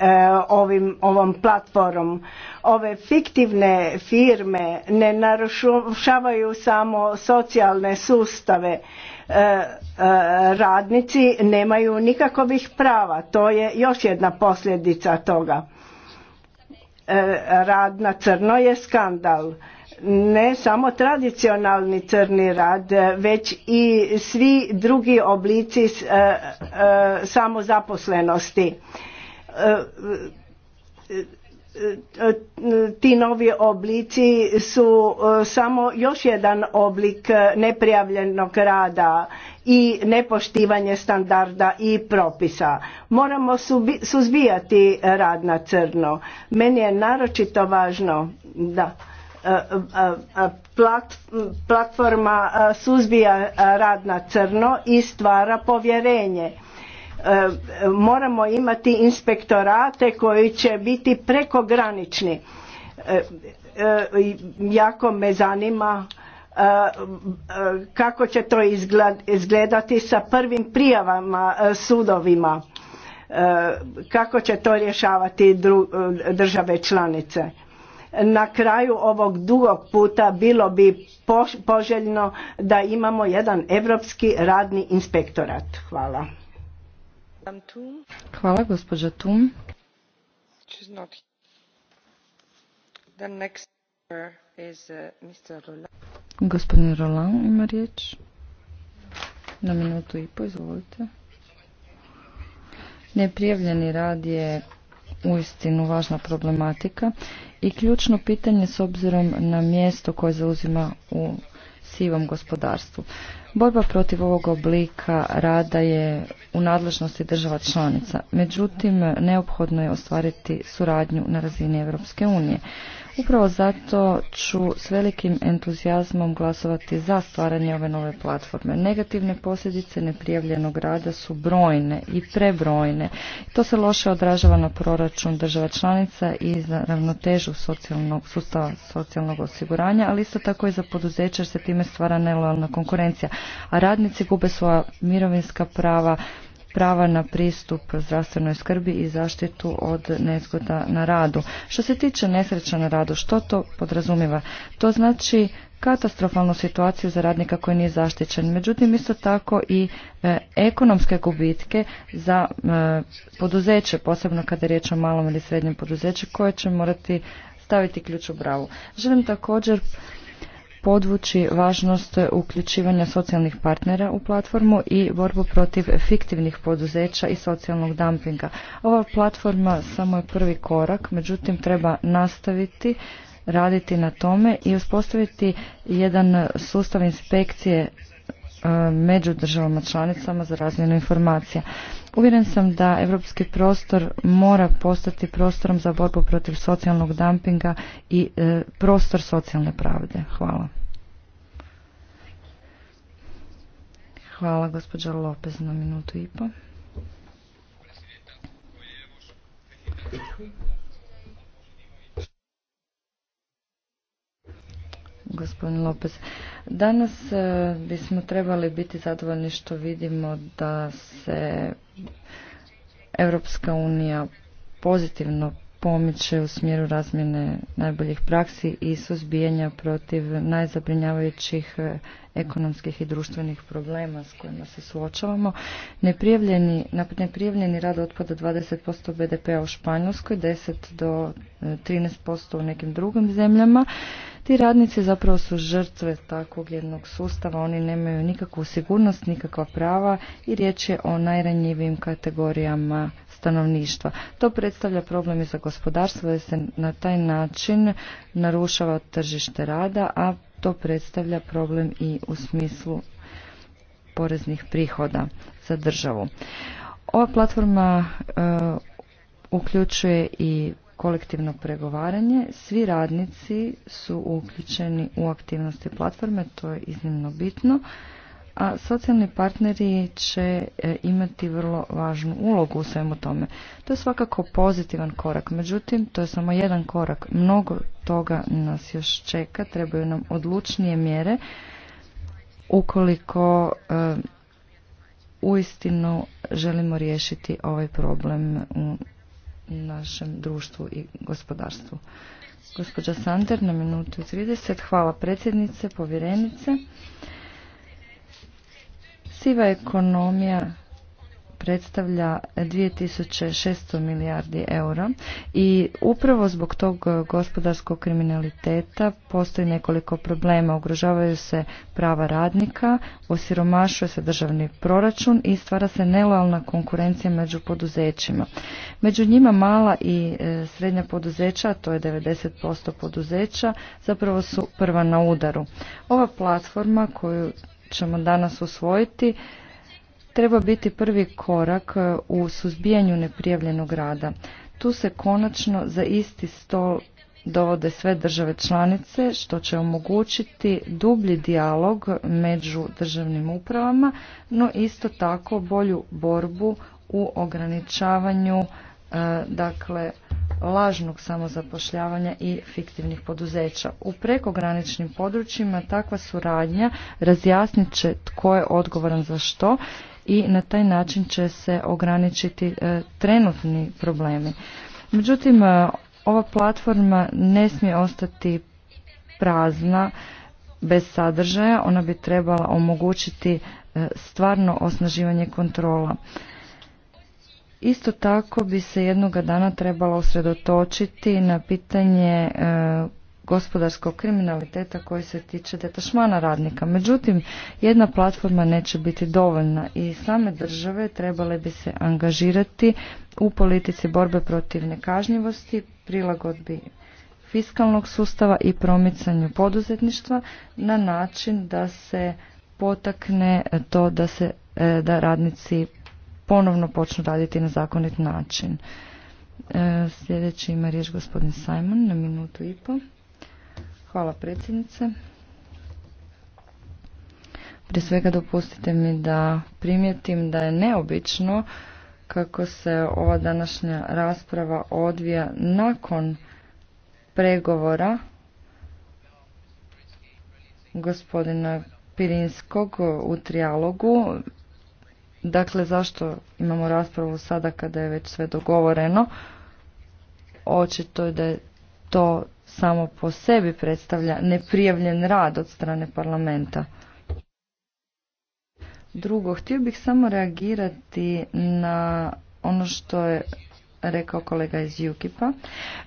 ovom platformom. Ove fiktivne firme ne narušavaju samo socijalne sustave. E, radnici nemaju nikakovih prava. To je još jedna posljedica toga. Rad na crno je skandal ne samo tradicionalni crni rad, već i svi drugi oblici e, e, samozaposlenosti. E, ti novi oblici su samo još jedan oblik neprijavljenog rada i nepoštivanje standarda i propisa. Moramo suzbijati rad na crno. Meni je naročito važno da E, e, e, platforma suzbija rad na crno i stvara povjerenje moramo imati inspektorate koji će biti prekogranični jako me zanima kako će to izgledati sa prvim prijavama sudovima kako će to rješavati države članice na kraju ovog dugog puta bilo bi poželjno da imamo jedan europski radni inspektorat. Hvala. Hvala gospođa Tum. Uh, Gospodin Roland ima riječ. Na minutu i po, izvolite. Neprijavljeni rad je uistinu važna problematika i ključno pitanje s obzirom na mjesto koje zauzima u sivom gospodarstvu. Borba protiv ovog oblika rada je u nadležnosti država članica, međutim neophodno je ostvariti suradnju na razini Europske unije. Upravo zato ću s velikim entuzijazmom glasovati za stvaranje ove nove platforme. Negativne posljedice neprijavljenog rada su brojne i prebrojne. To se loše odražava na proračun država članica i za ravnotežu socijalnog sustava socijalnog osiguranja, ali isto tako i za poduzeća jer se time stvara nelojalna konkurencija. A radnici gube svoja mirovinska prava, prava na pristup zdravstvenoj skrbi i zaštitu od nezgoda na radu. Što se tiče nesreća na radu, što to podrazumijeva? To znači katastrofalnu situaciju za radnika koji nije zaštićen. Međutim, isto tako i e, ekonomske gubitke za e, poduzeće, posebno kada je riječ o malom ili srednjem poduzeću koje će morati staviti ključ u bravu. Želim također podvući važnost uključivanja socijalnih partnera u platformu i borbu protiv fiktivnih poduzeća i socijalnog dumpinga. Ova platforma samo je prvi korak, međutim treba nastaviti raditi na tome i uspostaviti jedan sustav inspekcije e, među državama članicama za razmjenu informacija. Uvjeren sam da europski prostor mora postati prostorom za borbu protiv socijalnog dumpinga i e, prostor socijalne pravde. Hvala. Hvala, gospođa Lopez, na minutu i po. Gospodin Lopez, danas e, bismo trebali biti zadovoljni što vidimo da se Europska unija pozitivno pomiče u smjeru razmjene najboljih praksi i suzbijanja protiv najzabrinjavajućih e, ekonomskih i društvenih problema s kojima se suočavamo. Neprijavljeni, neprijavljeni rad otpada 20% BDP-a u Španjolskoj, 10 do 13% e, u nekim drugim zemljama. Ti radnici zapravo su žrtve takvog jednog sustava, oni nemaju nikakvu sigurnost, nikakva prava i riječ je o najranjivijim kategorijama stanovništva. To predstavlja problem i za gospodarstvo jer se na taj način narušava tržište rada, a to predstavlja problem i u smislu poreznih prihoda za državu. Ova platforma e, uključuje i kolektivno pregovaranje. Svi radnici su uključeni u aktivnosti platforme, to je iznimno bitno a socijalni partneri će e, imati vrlo važnu ulogu u svemu tome. To je svakako pozitivan korak, međutim to je samo jedan korak. Mnogo toga nas još čeka, trebaju nam odlučnije mjere ukoliko e, uistinu želimo riješiti ovaj problem u našem društvu i gospodarstvu. Gospođa Sander na minutu 30. Hvala predsjednice, povjerenice. Siva ekonomija predstavlja 2600 milijardi eura i upravo zbog tog gospodarskog kriminaliteta postoji nekoliko problema. Ugrožavaju se prava radnika, osiromašuje se državni proračun i stvara se nelojalna konkurencija među poduzećima. Među njima mala i e, srednja poduzeća, to je 90% poduzeća, zapravo su prva na udaru. Ova platforma koju ćemo danas usvojiti treba biti prvi korak e, u suzbijanju neprijavljenog rada. Tu se konačno za isti stol dovode sve države članice što će omogućiti dublji dijalog među državnim upravama, no isto tako bolju borbu u ograničavanju e, dakle lažnog samozapošljavanja i fiktivnih poduzeća. U prekograničnim područjima takva suradnja razjasnit će tko je odgovoran za što i na taj način će se ograničiti e, trenutni problemi. Međutim, e, ova platforma ne smije ostati prazna bez sadržaja, ona bi trebala omogućiti e, stvarno osnaživanje kontrola. Isto tako bi se jednoga dana trebalo usredotočiti na pitanje e, gospodarskog kriminaliteta koji se tiče detašmana radnika. Međutim, jedna platforma neće biti dovoljna i same države trebale bi se angažirati u politici borbe protiv nekažnjivosti, prilagodbi fiskalnog sustava i promicanju poduzetništva na način da se potakne to da se e, da radnici ponovno počnu raditi na zakonit način. E, sljedeći ima riječ gospodin Simon na minutu i po. Hvala predsjednice. Prije svega dopustite mi da primijetim da je neobično kako se ova današnja rasprava odvija nakon pregovora gospodina Pirinskog u trijalogu. Dakle, zašto imamo raspravu sada kada je već sve dogovoreno? Očito je da je to samo po sebi predstavlja neprijavljen rad od strane parlamenta. Drugo, htio bih samo reagirati na ono što je rekao kolega iz Jukipa.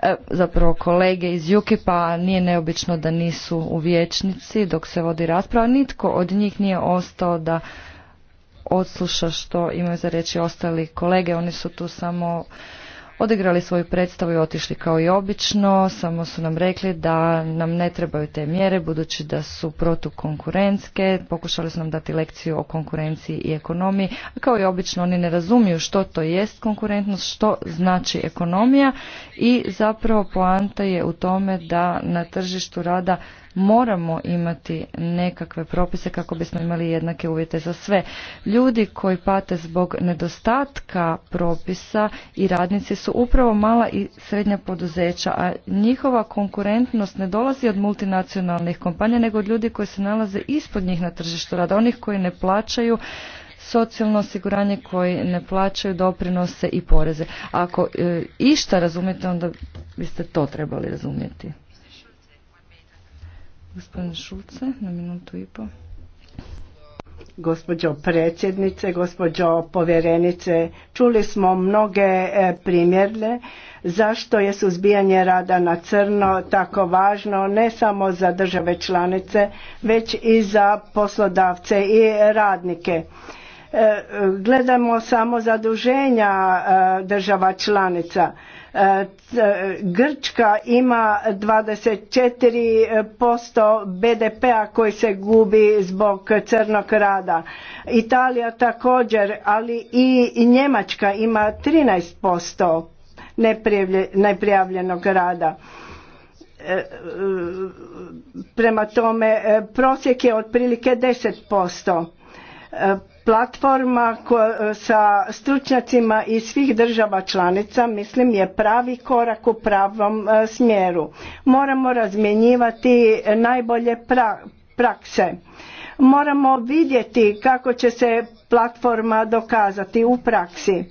E, zapravo kolege iz Jukipa nije neobično da nisu u vječnici dok se vodi rasprava. Nitko od njih nije ostao da odsluša što imaju za reći ostali kolege. Oni su tu samo odigrali svoju predstavu i otišli kao i obično, samo su nam rekli da nam ne trebaju te mjere budući da su protukonkurentske, pokušali su nam dati lekciju o konkurenciji i ekonomiji, a kao i obično oni ne razumiju što to jest konkurentnost, što znači ekonomija i zapravo poanta je u tome da na tržištu rada moramo imati nekakve propise kako bismo imali jednake uvjete za sve. Ljudi koji pate zbog nedostatka propisa i radnici su upravo mala i srednja poduzeća, a njihova konkurentnost ne dolazi od multinacionalnih kompanija nego od ljudi koji se nalaze ispod njih na tržištu rada, onih koji ne plaćaju socijalno osiguranje koji ne plaćaju doprinose i poreze. Ako e, išta razumijete, onda biste to trebali razumjeti. Gospodine Šulce, na minutu i po. Gospođo predsjednice, gospođo povjerenice, čuli smo mnoge e, primjerne zašto je suzbijanje rada na crno tako važno ne samo za države članice, već i za poslodavce i radnike e, gledamo samo zaduženja e, država članica E, Grčka ima 24% BDP-a koji se gubi zbog crnog rada. Italija također, ali i Njemačka ima 13% neprijavljenog rada. E, e, prema tome prosjek je otprilike 10% platforma e, sa stručnjacima iz svih država članica mislim je pravi korak u pravom e, smjeru. Moramo razmjenjivati najbolje prakse. Moramo vidjeti kako će se platforma dokazati u praksi.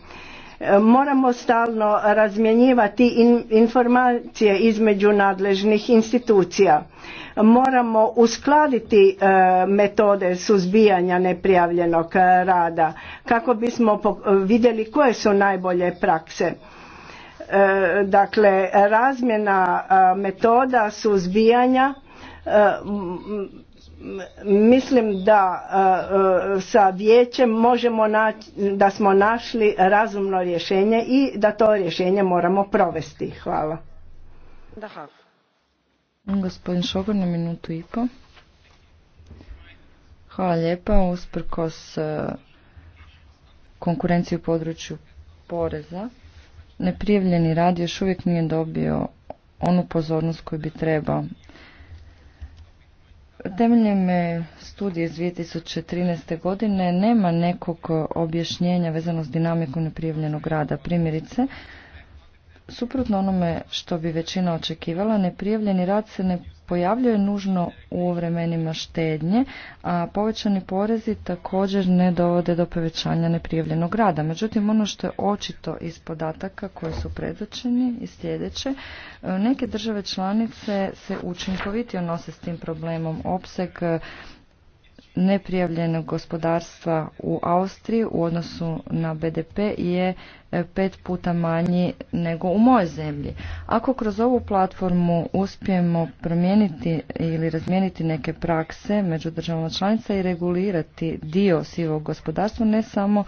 E, moramo stalno razmjenjivati informacije između nadležnih institucija moramo uskladiti e, metode suzbijanja neprijavljenog e, rada kako bismo vidjeli koje su najbolje prakse e, dakle razmjena metoda suzbijanja mislim da sa vijećem možemo naći da smo našli razumno rješenje i da to rješenje moramo provesti hvala Gospodin Šogor na minutu i po. Hvala lijepa. Usprkos e, konkurenciju u području poreza, neprijavljeni rad još uvijek nije dobio onu pozornost koju bi trebao. Temeljem e, studije iz 2013. godine nema nekog objašnjenja vezano s dinamikom neprijavljenog rada. Primjerice, Suprotno onome što bi većina očekivala, neprijavljeni rad se ne pojavljuje nužno u vremenima štednje, a povećani porezi također ne dovode do povećanja neprijavljenog rada. Međutim, ono što je očito iz podataka koje su predočeni i sljedeće, e, neke države članice se učinkovitije nose s tim problemom. Opseg e, neprijavljenog gospodarstva u Austriji u odnosu na BDP je e, pet puta manji nego u mojoj zemlji. Ako kroz ovu platformu uspijemo promijeniti ili razmijeniti neke prakse među državama članica i regulirati dio sivog gospodarstva, ne samo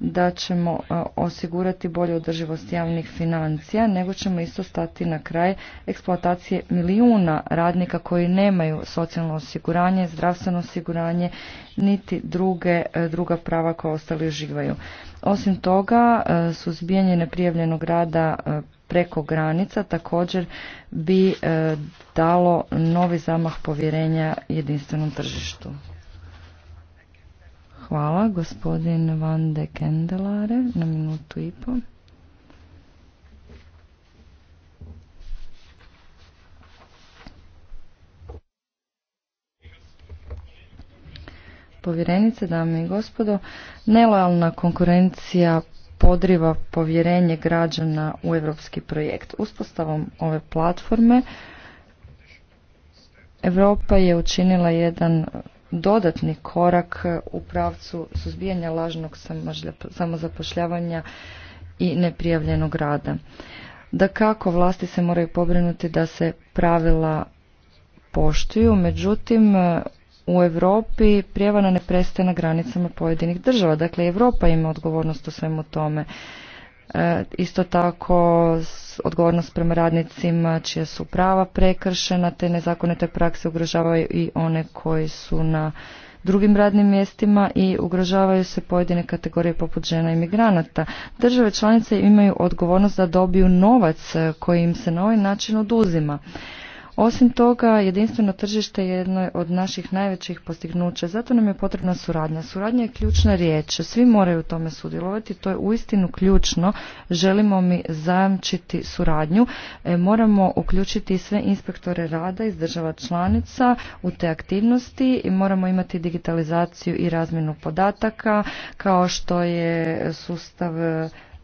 da ćemo e, osigurati bolju održivost javnih financija, nego ćemo isto stati na kraj eksploatacije milijuna radnika koji nemaju socijalno osiguranje, zdravstveno osiguranje, niti druge, e, druga prava koja ostali uživaju. Osim toga, e, suzbijanje neprijavljenog rada preko granica također bi dalo novi zamah povjerenja jedinstvenom tržištu. Hvala, gospodin Van de Kendelare, na minutu i po. Povjerenice, dame i gospodo, nelojalna konkurencija podriva povjerenje građana u europski projekt. Uspostavom ove platforme Europa je učinila jedan dodatni korak u pravcu suzbijanja lažnog samozapošljavanja i neprijavljenog rada. Da kako vlasti se moraju pobrinuti da se pravila poštuju, međutim u Europi prijevana ne prestaje na granicama pojedinih država. Dakle, Europa ima odgovornost o svemu tome. E, isto tako odgovornost prema radnicima čija su prava prekršena te nezakonite prakse ugrožavaju i one koji su na drugim radnim mjestima i ugrožavaju se pojedine kategorije poput žena i migranata. Države članice imaju odgovornost da dobiju novac koji im se na ovaj način oduzima. Osim toga, jedinstveno tržište je jedno od naših najvećih postignuća, zato nam je potrebna suradnja. Suradnja je ključna riječ, svi moraju u tome sudjelovati, to je uistinu ključno, želimo mi zajamčiti suradnju, e, moramo uključiti sve inspektore rada iz država članica u te aktivnosti i moramo imati digitalizaciju i razmjenu podataka, kao što je sustav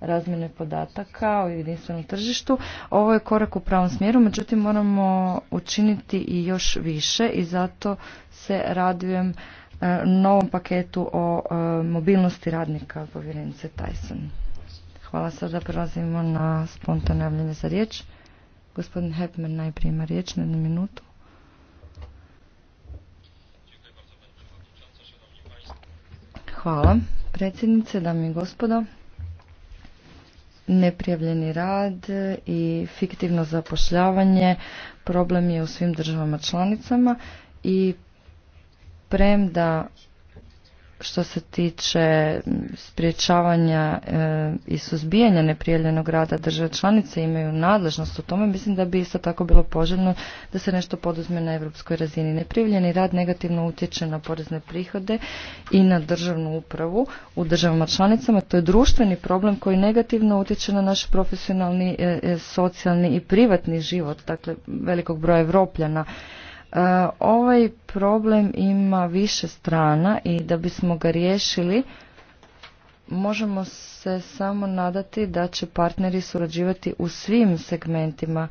razmjene podataka o jedinstvenom tržištu. Ovo je korak u pravom smjeru, međutim moramo učiniti i još više i zato se radujem e, novom paketu o e, mobilnosti radnika povjerenice Tyson. Hvala sada, prelazimo na spontane javljenje za riječ. Gospodin Hepman najprije ima riječ na jednu minutu. Hvala. Predsjednice, dame i gospodo neprijavljeni rad i fiktivno zapošljavanje problem je u svim državama članicama i premda što se tiče spriječavanja e, i suzbijanja neprijeljenog rada države članice imaju nadležnost u tome, mislim da bi isto tako bilo poželjno da se nešto poduzme na europskoj razini. Neprijeljeni rad negativno utječe na porezne prihode i na državnu upravu u državama članicama. To je društveni problem koji negativno utječe na naš profesionalni, e, e, socijalni i privatni život, dakle velikog broja evropljana. E, ovaj problem ima više strana i da bismo ga riješili možemo se samo nadati da će partneri surađivati u svim segmentima.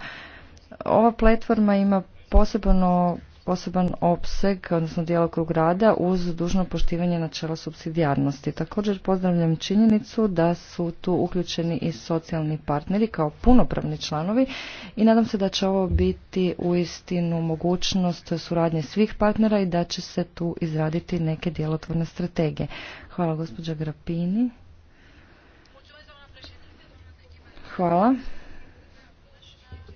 Ova platforma ima posebno poseban opseg, odnosno djelokrug rada uz dužno poštivanje načela subsidijarnosti. Također pozdravljam činjenicu da su tu uključeni i socijalni partneri kao punopravni članovi i nadam se da će ovo biti uistinu mogućnost suradnje svih partnera i da će se tu izraditi neke djelotvorne strategije. Hvala gospođa Grapini. Hvala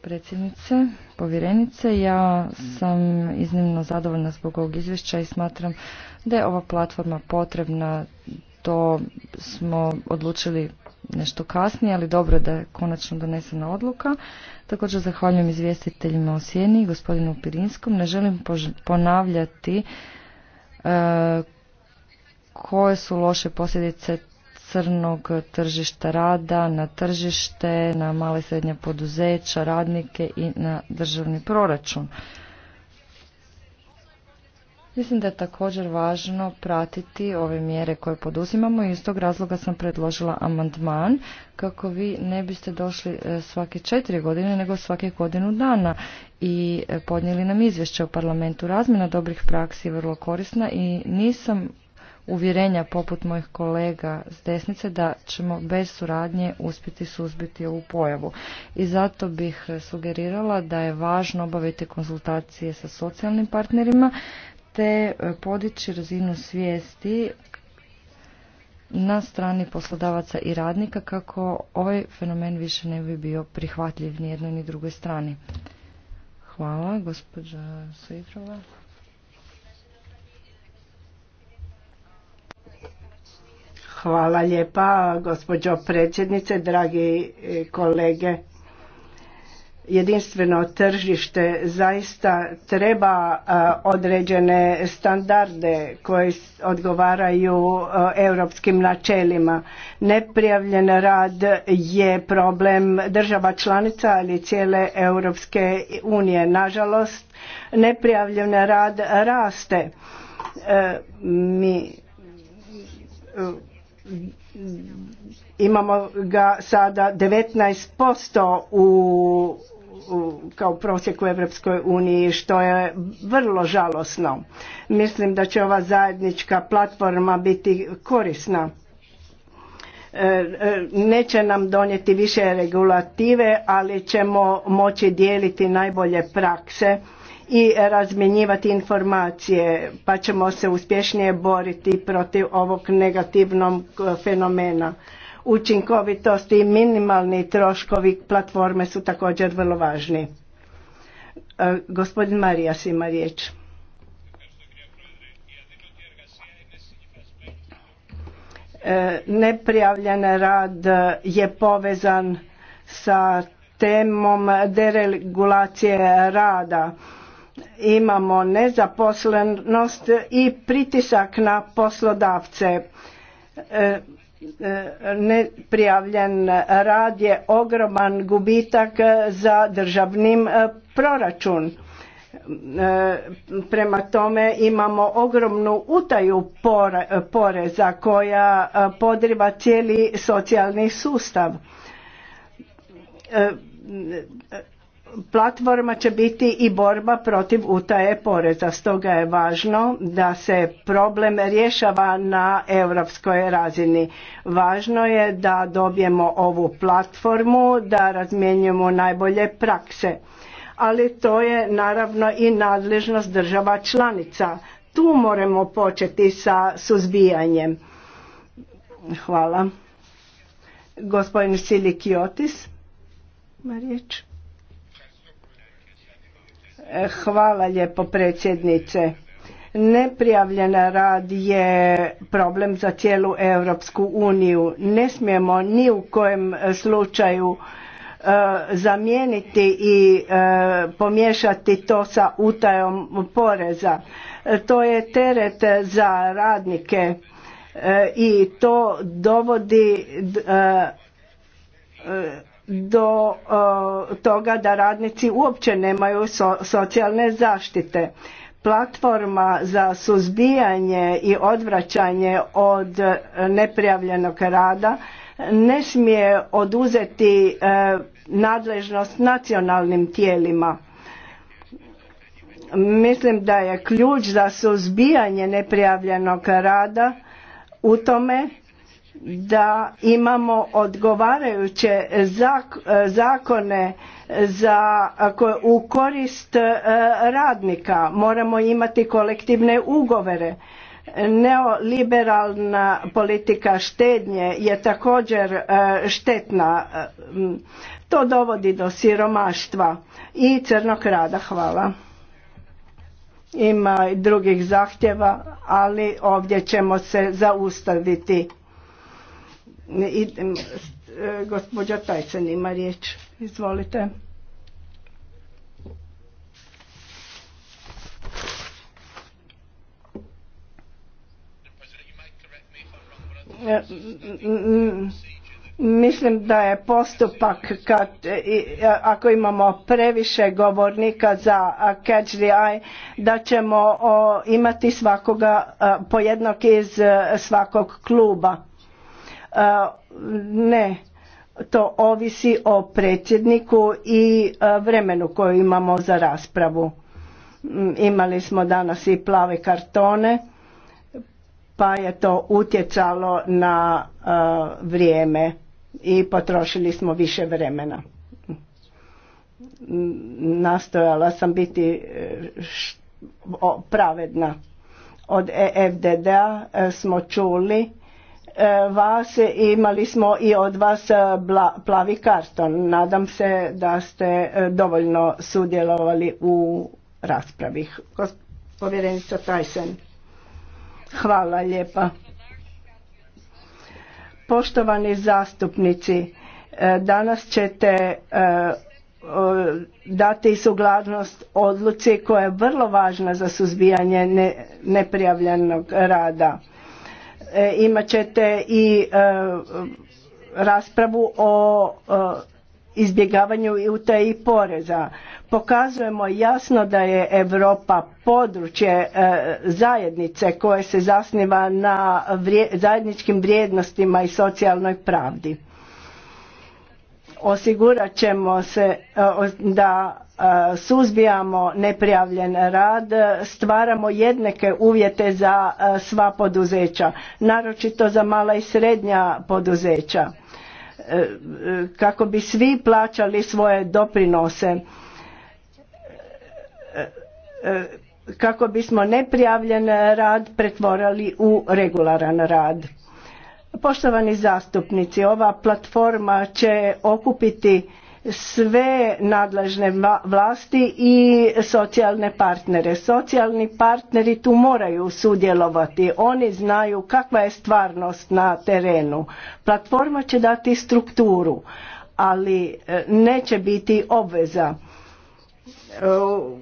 predsjednice, povjerenice. Ja sam iznimno zadovoljna zbog ovog izvješća i smatram da je ova platforma potrebna. To smo odlučili nešto kasnije, ali dobro da je konačno donesena odluka. Također zahvaljujem izvjestiteljima o Sjeni i gospodinu Pirinskom. Ne želim ponavljati e, koje su loše posljedice crnog tržišta rada, na tržište, na male i srednje poduzeća, radnike i na državni proračun. Mislim da je također važno pratiti ove mjere koje poduzimamo i iz tog razloga sam predložila amandman kako vi ne biste došli e, svake četiri godine nego svake godinu dana i e, podnijeli nam izvješće o parlamentu. Razmjena dobrih praksi je vrlo korisna i nisam uvjerenja poput mojih kolega s desnice da ćemo bez suradnje uspjeti suzbiti ovu pojavu. I zato bih sugerirala da je važno obaviti konzultacije sa socijalnim partnerima te e, podići razinu svijesti na strani poslodavaca i radnika kako ovaj fenomen više ne bi bio prihvatljiv ni jednoj ni drugoj strani. Hvala, gospođa Svitrova. Hvala lijepa gospođo predsjednice, dragi e, kolege. Jedinstveno tržište zaista treba e, određene standarde koji odgovaraju e, europskim načelima. Neprijavljen rad je problem država članica ali cijele Europske unije. Nažalost, neprijavljen rad raste. Mi imamo ga sada 19% u, kao prosjek u Europskoj uniji što je vrlo žalosno. Mislim da će ova zajednička platforma biti korisna. E, e, neće nam donijeti više regulative, ali ćemo moći dijeliti najbolje prakse i razmjenjivati informacije pa ćemo se uspješnije boriti protiv ovog negativnog e, fenomena. Učinkovitost i minimalni troškovi platforme su također vrlo važni. E, gospodin Marijas ima riječ. E, neprijavljen rad je povezan sa temom deregulacije rada imamo nezaposlenost i pritisak na poslodavce. E, e, neprijavljen rad je ogroman gubitak za državnim e, proračun. Prema tome imamo ogromnu utaju poreza koja podriva cijeli socijalni sustav platforma će biti i borba protiv utaje poreza. Stoga je važno da se problem rješava na europskoj razini. Važno je da dobijemo ovu platformu, da razmjenjujemo najbolje prakse. Ali to je naravno i nadležnost država članica. Tu moramo početi sa suzbijanjem. Hvala. Gospodin Silikiotis, ima Hvala lijepo predsjednice. Neprijavljena rad je problem za cijelu Europsku uniju. Ne smijemo ni u kojem slučaju e, zamijeniti i e, pomiješati to sa utajom poreza. E, to je teret za radnike i to dovodi do e, toga da radnici uopće nemaju socijalne zaštite. Platforma za suzbijanje i odvraćanje od neprijavljenog rada ne smije oduzeti e, nadležnost nacionalnim tijelima. Mislim da je ključ za suzbijanje neprijavljenog rada u tome da imamo odgovarajuće zakone za u korist e, radnika moramo imati kolektivne ugovore neoliberalna politika štednje je također e, štetna e, to dovodi do siromaštva i crnog rada hvala ima i drugih zahtjeva ali ovdje ćemo se zaustaviti idem, e, gospođa Tajcen ima riječ. Izvolite. E, mislim da je postupak kad, e, ako imamo previše govornika za catch the eye, da ćemo imati svakoga pojednog iz svakog kluba. Ne, to ovisi o predsjedniku i vremenu koju imamo za raspravu. Mm, imali smo danas i plave kartone, pa je to utjecalo na vrijeme i potrošili smo više vremena. Mm, nastojala sam biti e, pravedna. Od EFDD-a e, smo čuli E, vas, imali smo i od vas e, plavi karton. Nadam se da ste e, dovoljno sudjelovali u raspravi. Povjerenica Tyson Hvala lijepa. Poštovani zastupnici, danas ćete dati suglasnost odluci koja je vrlo važna za suzbijanje neprijavljenog rada E, imat ćete i e, raspravu o e, izbjegavanju i utaji poreza. Pokazujemo jasno da je Europa područje zajednice koje se zasniva na zajedničkim vrijednostima i socijalnoj pravdi. Osigurat ćemo se da E, suzbijamo neprijavljen rad, stvaramo jednake uvjete za e, sva poduzeća, naročito za mala i srednja poduzeća, e, kako bi svi plaćali svoje doprinose, kako bismo neprijavljen rad pretvorili u regularan rad. Poštovani zastupnici, ova platforma će okupiti sve nadležne vlasti i socijalne partnere. Socijalni partneri tu moraju sudjelovati. Oni znaju kakva je stvarnost na terenu. Platforma će dati strukturu, ali e, neće biti obveza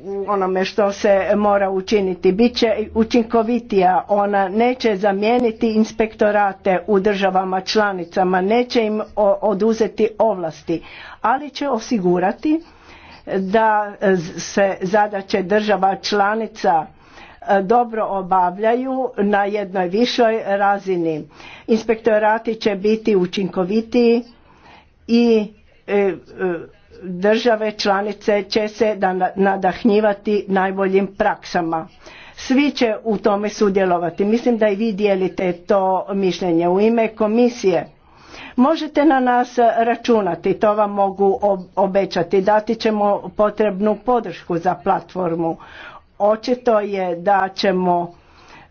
u onome što se mora učiniti. Biće učinkovitija, ona neće zamijeniti inspektorate u državama članicama, neće im oduzeti ovlasti, ali će osigurati da se zadaće država članica e, dobro obavljaju na jednoj višoj razini. Inspektorati će biti učinkovitiji i e, e, države članice će se nadahnjivati najboljim praksama. Svi će u tome sudjelovati. Mislim da i vi dijelite to mišljenje u ime komisije. Možete na nas računati, to vam mogu obećati. Dati ćemo potrebnu podršku za platformu. Očito je da ćemo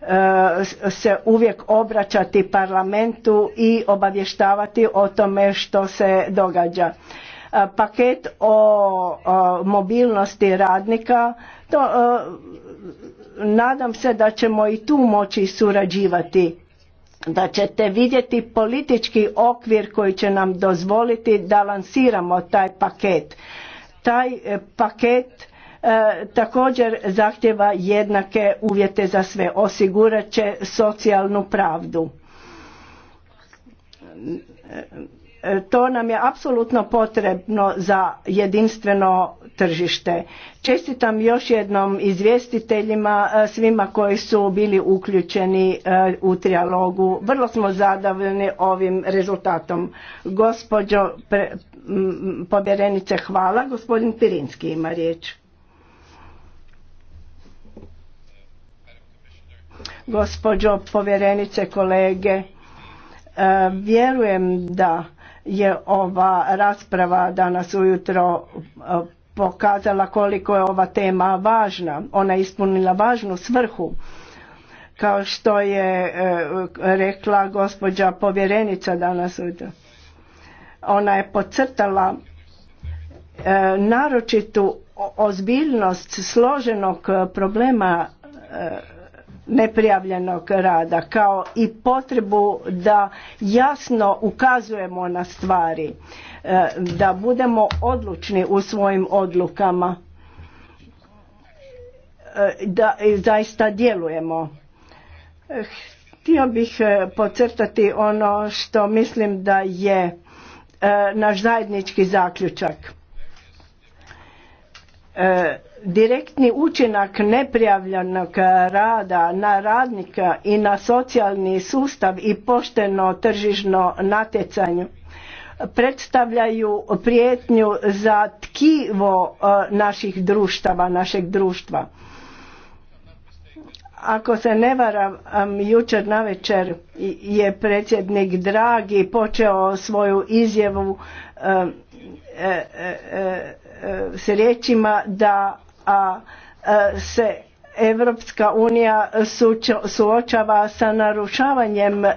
e, se uvijek obraćati parlamentu i obavještavati o tome što se događa. E, paket o mobilnosti radnika, to, e, nadam se da ćemo i tu moći surađivati da ćete vidjeti politički okvir koji će nam dozvoliti da lansiramo taj paket. Taj e, paket također zahtjeva jednake uvjete za sve, osigurat će socijalnu pravdu. E, to nam je apsolutno potrebno za jedinstveno tržište. Čestitam još jednom izvjestiteljima, e, svima koji su bili uključeni e, u trialogu. Vrlo smo zadovoljni ovim rezultatom. Gospođo povjerenice, hvala. Gospodin Pirinski ima riječ. Gospođo povjerenice, kolege, vjerujem da je ova rasprava danas ujutro e, pokazala koliko je ova tema važna. Ona je ispunila važnu svrhu. Kao što je e, rekla gospođa povjerenica danas ujutro. Ona je podcrtala e, naročitu ozbiljnost složenog problema neprijavljenog rada kao i potrebu da jasno ukazujemo na stvari e, da budemo odlučni u svojim odlukama e, da zaista djelujemo e, htio bih podcrtati ono što mislim da je naš zajednički zaključak direktni učinak neprijavljenog rada na radnika i na socijalni sustav i pošteno tržišno natjecanje predstavljaju prijetnju za tkivo e, naših društava, našeg društva. Ako se ne varam, jučer večer je predsjednik Dragi počeo svoju izjavu e, e, s riječima da a e, se Evropska unija suočava sa narušavanjem e,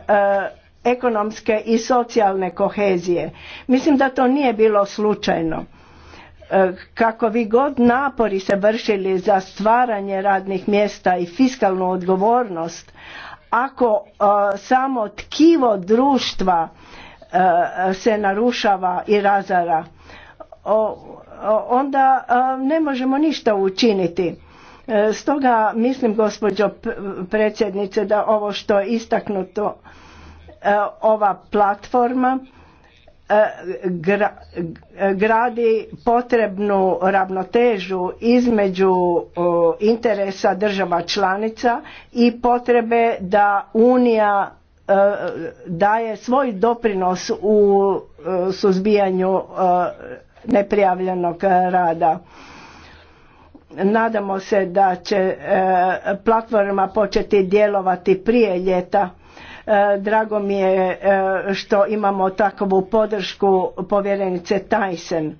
ekonomske i socijalne kohezije. Mislim da to nije bilo slučajno. E, kako vi god napori se vršili za stvaranje radnih mjesta i fiskalnu odgovornost, ako samo tkivo društva se narušava i razara, onda ne možemo ništa učiniti. E, stoga mislim, gospođo predsjednice, da ovo što je istaknuto, e, ova platforma e, gradi potrebnu ravnotežu između interesa država članica i potrebe da Unija daje svoj doprinos u suzbijanju neprijavljenog rada. Nadamo se da će e, platforma početi djelovati prije ljeta. E, drago mi je e, što imamo takvu podršku povjerenice Tyson.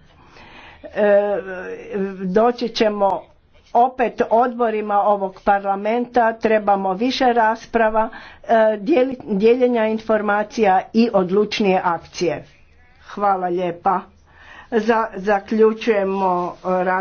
Doći ćemo opet odborima ovog parlamenta trebamo više rasprava, dijeljenja informacija i odlučnije akcije. Hvala lijepa. Zaključujemo zaključujemo eh,